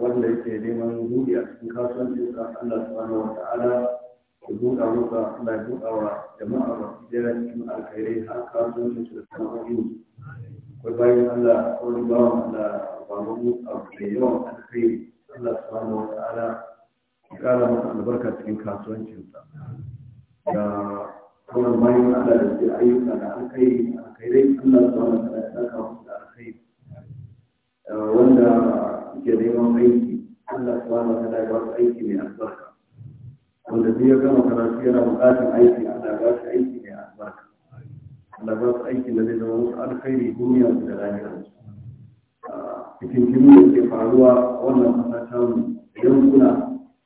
wanda yake neman buɗe a cikin kasuwancinsa Allah subhanahu wa ta'ala ku buɗa muka Allah ya buɗa wa jama'a ba su jira cikin alkhairai har kasuwancin su da sana'o'in akwai bayan Allah wani bawan Allah ba mu abu da yawan alkhairi Allah subhanahu wa ta'ala ya kara masa albarka cikin kasuwancinsa da kuma bayan Allah da ke ayyuka da alkhairi alkhairai Allah subhanahu wa ta'ala ya saka musu da alkhairi wanda ke neman aiki Allah subhanahu wa ta'ala ya ba su aiki mai albarka wanda duk ya gama karatu yana buƙatar aiki ana ba shi aiki mai albarka Allah ba su aiki da zai zama musu alkhairi duniya da lahira cikin jini da ke faruwa wannan kasa ta mu yankuna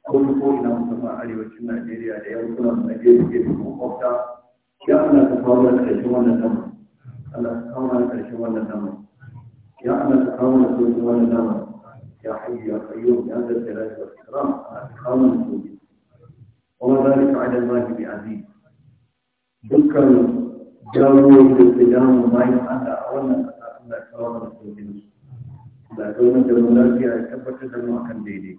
ko ta ko ina musamman arewacin Najeriya da yankunan Najeriya ke da makwabta ya ana ta kawo da ƙarshen wannan damar Allah ta kawo da ƙarshen wannan damar ya ana ta kawo da ƙarshen wannan damar ya hayyu ya qayyum ya zal jalali wal ikram ana ta kawo da ƙarshen وما ذلك على الله بعزيز دكر جاوي بالسلام ما يتعدى أولا الله كرام رسول الله كون جنولا فيها يثبت لما كان ديدي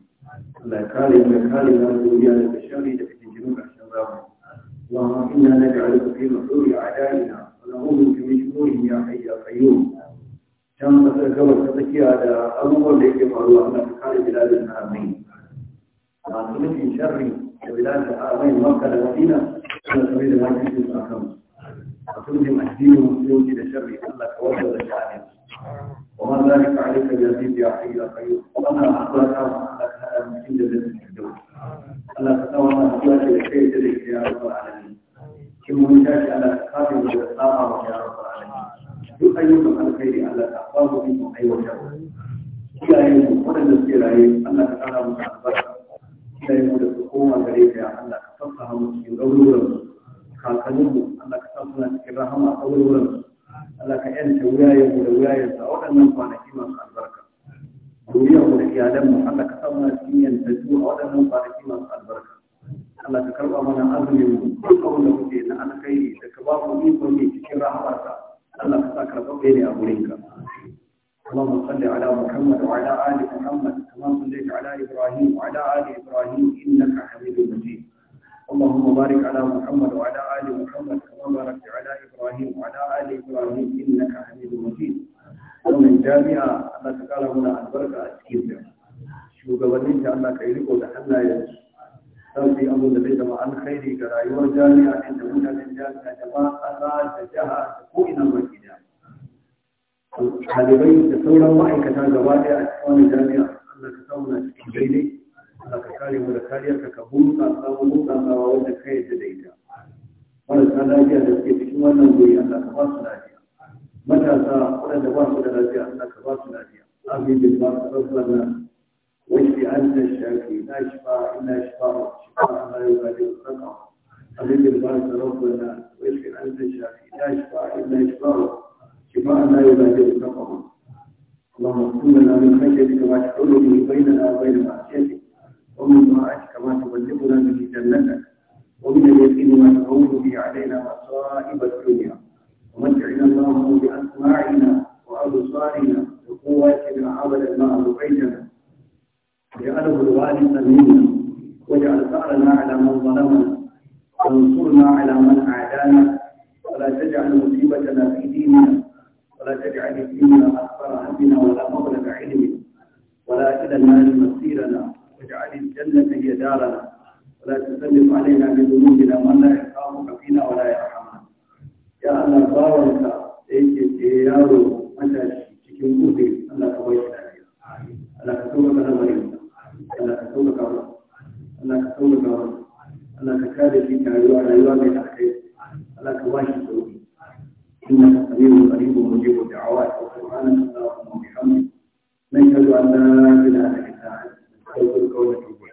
الله كالي ما كالي ما دوليا لك الشري لك تنجنوك الشباب اللهم إنا نجعلك في محضور أعدائنا ونعوذ بك من شرورهم يا حي يا قيوم كان مثل كما تتكي على أمر لك فالله أنك كالي بلاد العالمين ما تمشي شري وما ذلك عليك يا حي يا قيوم وما أخبرك أنك هذا من عند ألا تتولى أخبرك لكي تدرك يا رب العالمين كم منتاج على تخافي وتتخافى يا رب العالمين duk ayyukan alkhairi Allah ta ba mu ikon aiwatarwa iyayen mu iyayen mu da su koma gare ka ya Allah ka sassa mu cikin ɗaururan su kakannin mu Allah ka sassa suna cikin rahama a ɗaururan su Allah ka yanta wuyayen mu da wuyayen su a waɗannan kwanaki masu albarka duniyar mu da iyalan mu Allah ka sassa muna cikin yantattu a waɗannan kwanaki masu albarka Allah ka karɓa mana azumin mu duk abin da muke na alkhairi da ka ba mu ikon ne cikin rahamarka Allah ka sa karɓaɓɓe ne a wurinka اللهم صل على محمد وعلى آل محمد كما صليت على إبراهيم وعلى آل إبراهيم إنك حميد مجيد اللهم بارك على محمد وعلى آل محمد كما باركت على إبراهيم وعلى آل إبراهيم إنك حميد مجيد ومن جامعة الله تعالى هنا البركة أسكيزة shugabannin ta Allah ka yi riko da hannayensu sau sai abu da zai zama alkhairi ga rayuwar jami'a da mutanen jami'a da ba ƙasa da jiha da ko'ina baki ɗalibai da sauran ma'aikata gaba ɗaya a cikin wani jami'a Allah ka samu na cikin daidai Allah ka kare mu da kariyar ka ka bunka samu bunka sawa wanda ka yadda da ita marasa lafiya da suke cikin wannan guri Allah ka ba su lafiya matasa waɗanda ba su da lafiya Allah ka ba su lafiya amin bil ma'ruf wa واشف انت الشافي لا شفاء الا شفاءك شفاء لا يغادر سقما حبيب الباس ربنا واشف انت الشافي لا شفاء الا شفاءك شفاء لا يبادر سقما اللهم اغفر لنا من خشيتك ما تحول به بيننا وبين معصيتك ومن طاعتك ما تبلغنا به جنتك ومن اليقين ما تعود به علينا مصائب الدنيا ومتعنا اللهم باسماعنا وابصارنا وقواتنا ابدا ما ابقيتنا واجعله الوارث منا واجعل ثارنا على من ظلمنا وانصرنا على من اعدانا ولا تجعل مصيبتنا في ديننا ولا تجعل فينا أكبر همنا ولا مبلغ علمنا ولا إلى النار مصيرنا واجعل الجنة هي دارنا ولا تسلط علينا بذنوبنا من لا يخافك فينا ولا يرحمنا يا الله باورك ايك يا رو متى cikin gobe Allah ka bai lafiya Allah ka tsoka kana bari Allah ka tsoka ka Allah ka tsoka ka Allah ka kare shi rayuwa rayuwa mai alkhairi Allah ka washi tsoro إنك سميع قريب مجيب الدعوات سبحانك اللهم وبحمدك نشهد أن لا إله إلا أنت نستغفرك ونتوب